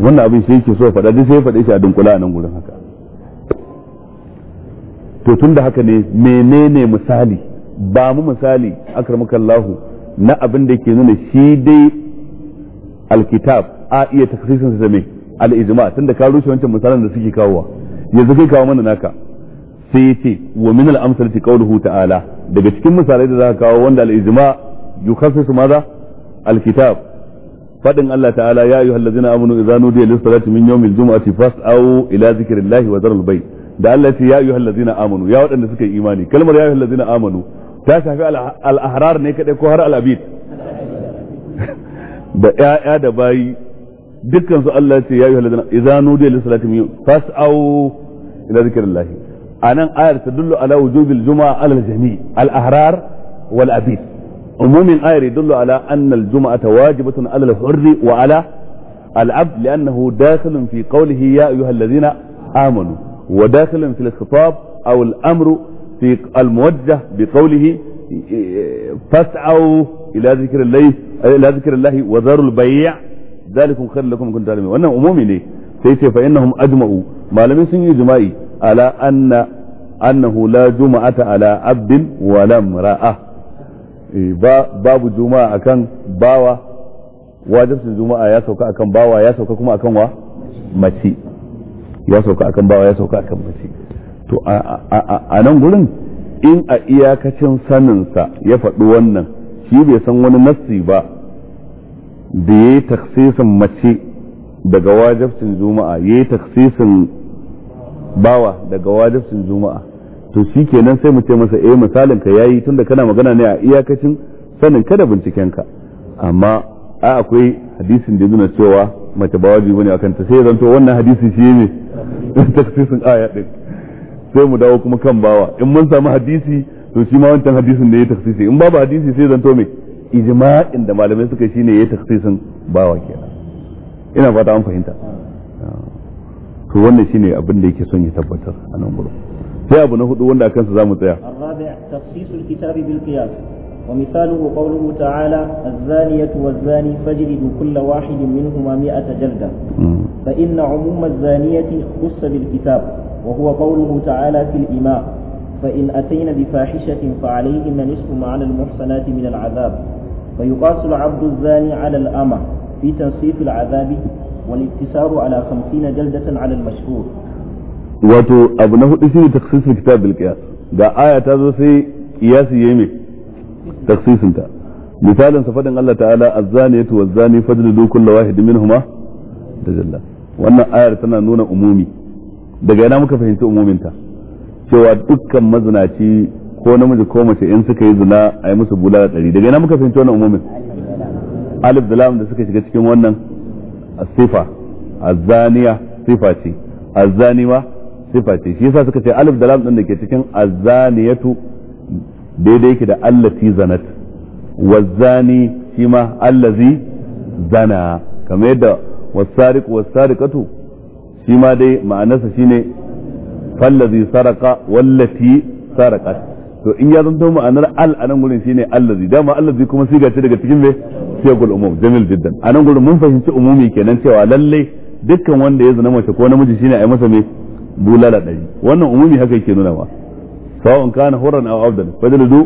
wannan abin shi yake so faɗa dai sai faɗe shi a dunkula a nan gurin haka to tun da haka ne menene misali ba mu misali akramakallahu na abin da ke nuna shi dai alkitab a iya taksisin sa me al-ijma tunda ka rushe wancan misalan da suke kawowa yanzu kai kawo mana naka sai ya ce wa min al-amsalati qawluhu ta'ala daga cikin misalai da zaka kawo wanda al-ijma yukhassisu madha al-kitab fadin Allah ta'ala ya ayyuhallazina amanu idza nudiya lis-salati min yawmil jum'ati fas'au ila dhikrillahi wa dharul bayt da Allah ya ayyuha allazina amanu ya waɗanda suka yi imani kalmar ya ayyuha allazina amanu ta shafi al ne kadai ko har al [LAUGHS] da ƴaƴa da bayi dukkan su Allah ce ya ayyuha allazina idza nudiya lis-salati min fas'au ila zikrillah anan ayar tadullu ala wujubil juma'a ala al-jami' al-ahrar wal abid umumin ayar dullo ala anna al ta wajibatun ala al-hurri wa ala al-abd li'annahu dakhilun fi qawlihi ya ayyuha ladina amanu وداخل في الخطاب او الامر في الموجه بقوله فاسعوا الى ذكر الله الى ذكر الله وذروا البيع ذلكم خير لكم ان كنتم تعلمون وانه عمومي ليه؟ سيتي فانهم اجمعوا ما لم يسمي جمعي على ان انه لا جمعة على عبد ولا امراة إيه، باب جمعة كان باوا واجب الجمعة يا سوكا كان باوة يا سوكا كما كان ماشي ya sauka akan bawa ya sauka akan mace to a nan gurin in a iyakacin saninsa ya faɗi wannan shi bai san wani nassi ba da ya yi taksisin mace daga wajabcin juma'a ya yi taksisin bawa daga wajabcin juma'a to shi kenan sai mu ce masa eh misalin ka yayi tunda kana magana ne a iyakacin sanin ka binciken ka amma a akwai hadisin da nuna cewa mace ba wajibi bane akan ta sai zanto wannan hadisi shi ne tafsirin aya din sai mu dawo kuma kan bawa in mun samu hadisi to shi ma wancan hadisin da ya tafsiri in babu hadisi sai zanto me ijma'in da malamai suka shi ne ya tafsirin bawa kenan ina fata an fahimta to wannan shine abin da yake son ya tabbatar a nan gurin sai abu na hudu wanda akan sa zamu tsaya الرابع تخصيص الكتاب بالقياس ومثاله قوله تعالى الزانية والزاني فاجلدوا كل واحد منهما مئة جلدة فإن عموم الزانية خص بالكتاب وهو قوله تعالى في الإماء فإن أتينا بفاحشة فعليهن نصف ما على المحصنات من العذاب فيقاس العبد الزاني على الأمة في تنصيف العذاب والاقتصار على خمسين جلدة على المشهور وتو أبنه na تخصيص الكتاب taksisul kitab آية qiyas da aya ta taksisinta misalin sa fadin Allah ta'ala az-zaniyatu waz-zani fajlidu kullu wahidin minhuma dajalla wannan ayar tana nuna umumi daga yana muka fahimci umuminta cewa dukkan mazinaci ko namiji ko mace in suka yi zina a yi musu bula da ɗari daga yana muka fahimci wannan umumin alif da lam da suka shiga cikin wannan sifa zaniya sifa ce azani ma sifa ce shi yasa suka ce alif da lam din da ke cikin zaniyatu. daidai yake da allati zanat wazzani shi ma allazi zana kamar yadda wasariq wasariqatu shi ma dai ma'anarsa shine fallazi saraka wallati saraqat to in ya zanto ma'anar al anan gurin shine allazi dama allazi kuma siga ce daga cikin me sigul umum jamil jiddan anan gurin mun fahimci umumi kenan cewa lalle dukkan wanda ya zana mace ko namiji shine ai masa me bulala dai wannan umumi haka yake nuna ma سواء كان حرا او عبدا فجلدوا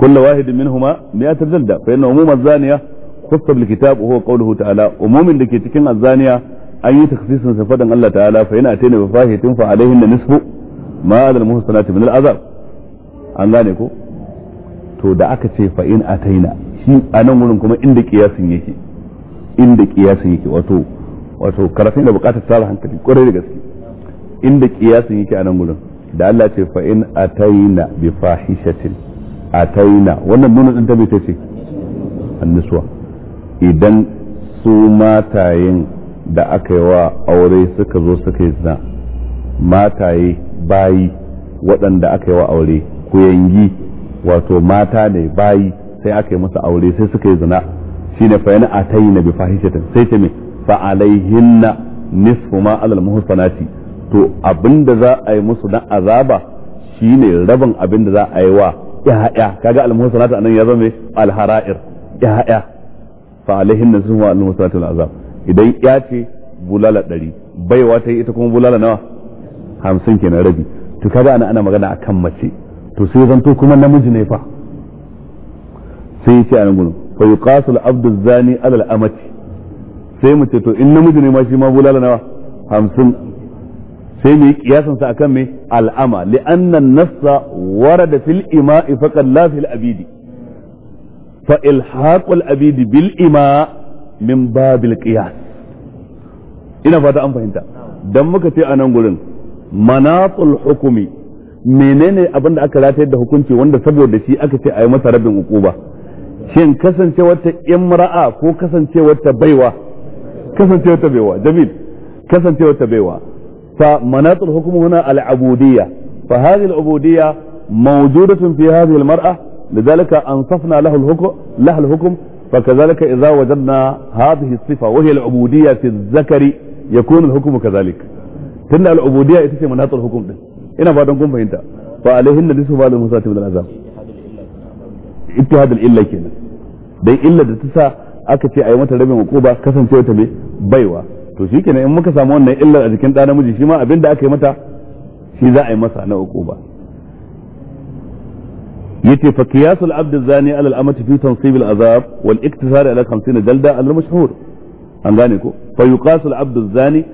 كل واحد منهما 100 جلده فان عموم الزانيه خص بالكتاب وهو قوله تعالى عموم اللي كي cikin الزانيه an yi takhsisin sa fadan Allah ta'ala fa yana tayna bi fahitin fa alaihin nisfu ma al muhsanati min an gane ko to da aka ce fa in ataina shi anan wurin kuma inda kiyasin yake inda kiyasin yake wato da hankali kwarai da gaske inda da Allah ce fa in ataina bi fahishatin ataina wannan nuna din ta ce annisuwa idan su matayen da aka yi wa aure suka zo suka yi zina mataye bayi waɗanda aka yi wa aure kuyangi wato mata ne bayi sai aka yi masa aure sai suka yi zina shine fa yana ataina bi fahishatin sai ce me fa alaihinna nisfu ma alal muhsanatin to abinda za a yi musu na azaba shine rabin abinda za a yi wa ya'ya kaga almuhsanatu anan ya zama alhara'ir ya'ya fa alaihin nasu wa almuhsanatu azab idan ya ce bulala ɗari baiwa ta ita kuma bulala nawa hamsin kenan rabi to kaga ana ana magana akan mace to sai zanto kuma namiji ne fa sai ce a gudu fa yuqasul abdu zani ala al-amati sai mu ce to in namiji ne ma shi ma bulala nawa hamsin sai mu yi kiyasan sa akan me al'ama li'anna an-nassa warada fil ima'i faqad la fil abidi fa ilhaqul abidi bil ima min babil qiyas ina fata an fahimta dan muka ce a nan gurin manatul hukumi menene abinda aka ratayar da hukunci wanda saboda shi aka ce ayi masa rabin ukuba shin kasancewar ta imra'a ko kasancewar ta baiwa kasancewar ta baiwa jamil kasancewar ta baiwa فمناط الحكم هنا العبودية فهذه العبودية موجودة في هذه المرأة لذلك أنصفنا له الحكم له الحكم فكذلك إذا وجدنا هذه الصفة وهي العبودية في الذكر يكون الحكم كذلك تن العبودية إتسي مناط الحكم ده إنا فاتن كم فهمت فعليهن نصف المساتي من العذاب اتهاد الإلا كينا دي إلا دي تسا أكتي aka ce مقوبة كسن mata rabin أيوة to shi kenan in muka samu wannan illar a jikin ɗa namiji shi ma abin da aka yi mata shi za a yi masa na uku ba yace fa qiyasul abd zani ala al-amati fi tansib al-azab wal iktisar ala 50 jalda al-mashhur an gane ko fa yuqasul abd zani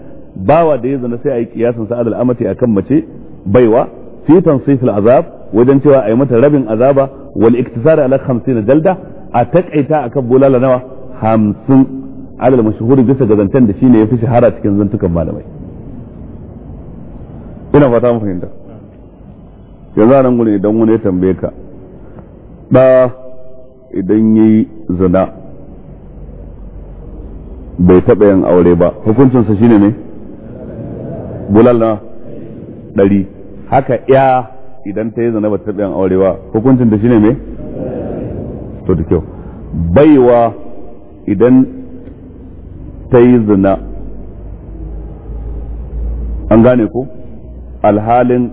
bawa da ya zana sai a yi kiyasan sa ala al-amati akan mace baiwa fi tansif al-azab wajen cewa a yi mata rabin azaba wal iktisar ala 50 jalda a takaita akan bulala nawa 50 adal mashhur bisa ga zantan da shine yafi shahara cikin zantukan malamai ina fata mu fahimta yanzu nan gurin idan wani ya tambaye ka da idan yayi zina bai taɓa yin aure ba hukuncinsa shine ne bulal na ɗari haka ya idan ta yi zina ba ta taɓa yin aure ba hukuncin da shine ne to da kyau baiwa idan ta yi zina an gane ko alhalin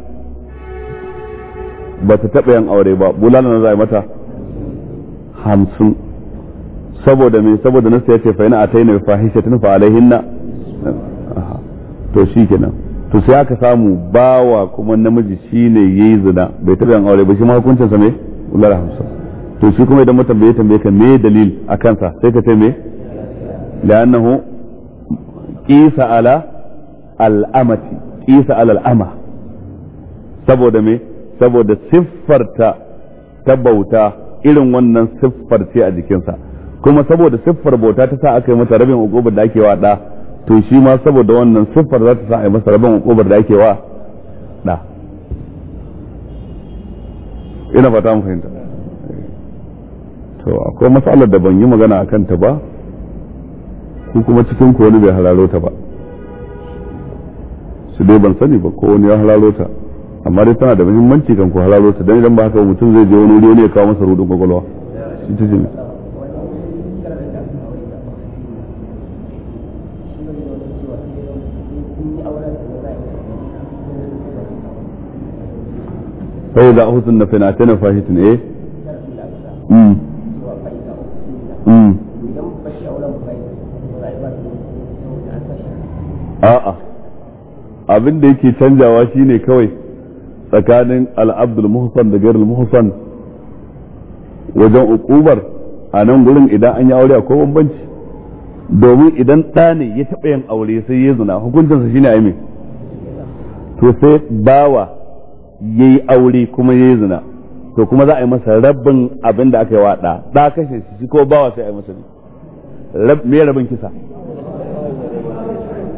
ba ta taɓa yan aure ba bulala na zai mata hamsin saboda me saboda nasu ya ce fa yana a fahimta fahishatin fa alaihinna to shi kenan to sai aka samu bawa kuma namiji shine yayi zina bai taɓa yan aure ba shi ma hukuncin sa me bulala hamsin to shi kuma idan mutum bai tambaye ka me dalil a kansa sai ka ce me la'annahu qisa ala al'amati qisa ala al'ama saboda me saboda siffarta ta bauta irin wannan siffar ce a jikinsa kuma saboda siffar bauta ta sa aka yi masa rabin ukubar da ake wa da to shi ma saboda wannan siffar za ta sa a yi masa rabin ukubar da ake wa da ina fata mu fahimta to akwai matsalar da ban yi magana a ta ba ko kuma cikin ku wani bai hararo ta ba su dai ban sani ba ko wani ya hararo ta amma dai tana da muhimmanci kan ku hararo ta dan idan ba haka mutum zai je wani wuri ne ya kawo masa rudin shi ita ce sai da hutun na fina-finan fahitin eh hmm. hmm. a'a abin da yake canjawa shine kawai tsakanin al'abdul muhsan da gairul muhsan wajen ukubar a nan gurin idan an yi aure akwai bambanci domin idan ɗa ne ya taɓa yin aure sai ya zina hukuncinsa shine a to sai bawa ya yi aure kuma ya yi zina to kuma za a yi masa rabin abin da aka yi wa ɗa ɗa kashe shi ko bawa sai a yi masa ne me rabin kisa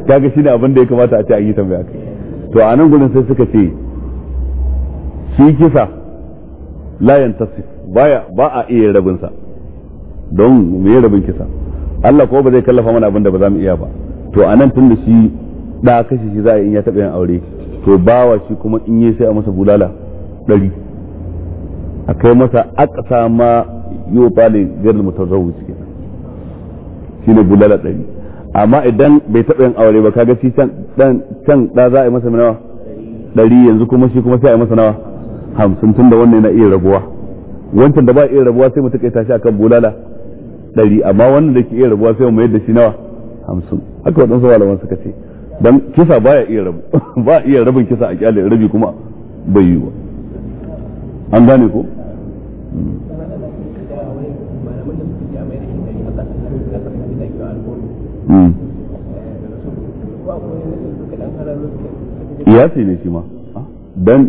kaga shine abin da ya kamata a ce an yi tambaya kai to a nan gurin sai suka ce shi kisa la yantasif baya ba a iya rabin sa don me rabin kisa Allah ko ba zai kallafa mana abin da ba za mu iya ba to a nan tun da shi da kashi shi za a yi in ya taɓa yin aure to bawa shi kuma in yi sai a masa bulala ɗari a kai masa akasa ma yi wa ɓale garin mutazawuci kenan shi ne bulala ɗari amma idan bai taɓa yin aure ba kaga shi can can da za a yi masa nawa ɗari yanzu kuma shi kuma sai a yi masa nawa hamsin tun da wannan yana iya rabuwa wancan da ba iya rabuwa sai mu tashi a akan bulala ɗari amma wannan da ke iya rabuwa sai mu mayar da shi nawa hamsin haka waɗansu malaman suka ce dan kisa baya iya rabu [LAUGHS] ba iya rabin kisa a kyale rabi kuma bai yi ba an gane ko hmm. Hmm. iyasi ne shi ma ah. dan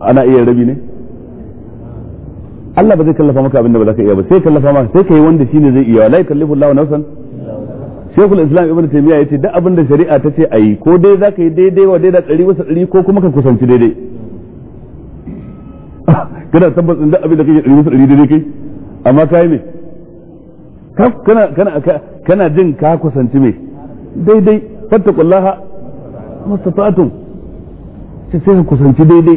ana iya rabi ne Allah ba zai kallafa maka abin da ba za ka iya ba sai kallafa maka sai kai wanda shine zai iya la yukallifu Allahu nafsan Sheikhul Islam Ibn Taymiyyah yace duk abin da shari'a ta ce ayi ko dai za ka yi daidai wa daidai ɗari wasu ɗari ko kuma ka kusanci daidai [LAUGHS] kana tabbas duk abin da kake ɗari wasu ɗari daidai kai amma kai ne kana kana kana jin ka kusanci me daidai fattakullaha mastata'tum sai sai ka kusanci daidai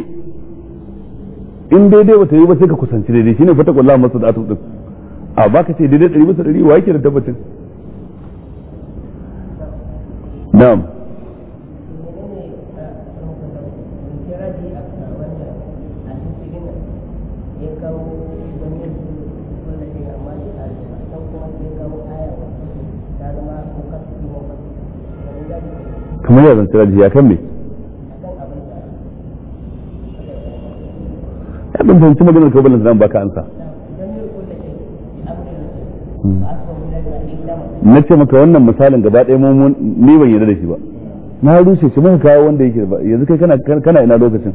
in daidai ta yi ba sai ka kusanci daidai shine fattakullaha mastata'tum din a baka ce daidai 100 bisa 100 wa yake da tabbacin na'am eh, kamar yanzu zance jiya kan me ya ban fahimci maganar kawai balanta ba ka ansa hmm. na ce maka wannan misalin gaba ɗaya mu ni ban yarda da shi ba na rushe shi muka kawo wanda yake yanzu kai kana kana ina lokacin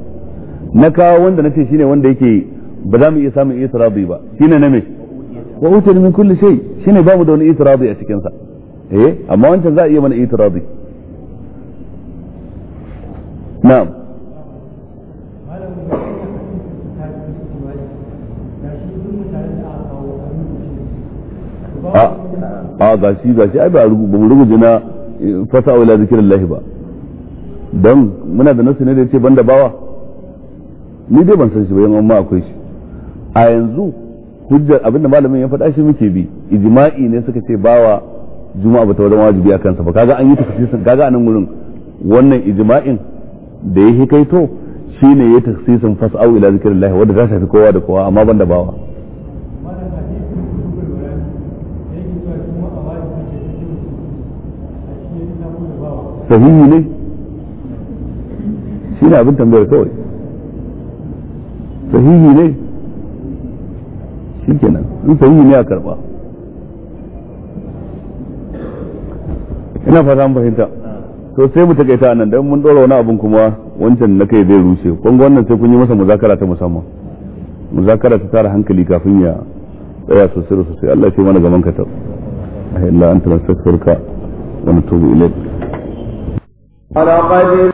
na kawo wanda nace shine wanda yake ba za mu iya samun iya sarabi ba shine na me wa utina min kulli shay shine ba mu da wani itirazi a cikin sa eh amma wancan za a iya mana itirazi na'am a ga shi ga shi ai ba mu rubuta na fasa wala lahi ba don muna da nasu ne da yace banda bawa ni dai ban san shi ba yan amma akwai shi a yanzu hujjar abinda malamin ya faɗa shi muke bi ijma'i ne suka ce bawa juma'a bata wajen wajibi a kansa ba kaga an yi tafsirin kaga anan gurin wannan ijma'in da ya hikaito shine ya tafsirin fas'au ila zikrillah wanda ta shafi kowa da kowa amma banda bawa sahihi ne shi ne abin tambayar kawai sahihi ne shikenan in ne a karba ina fata mun fahimta to sai mu takaita anan dan mun dora wani abun kuma wancan na kai zai rushe kun wannan sai kun yi masa muzakara ta musamman muzakara ta tara hankali kafin ya tsaya sosai sosai Allah ya ce mana gaban ka ta illa anta nastaghfiruka wa natubu ilayk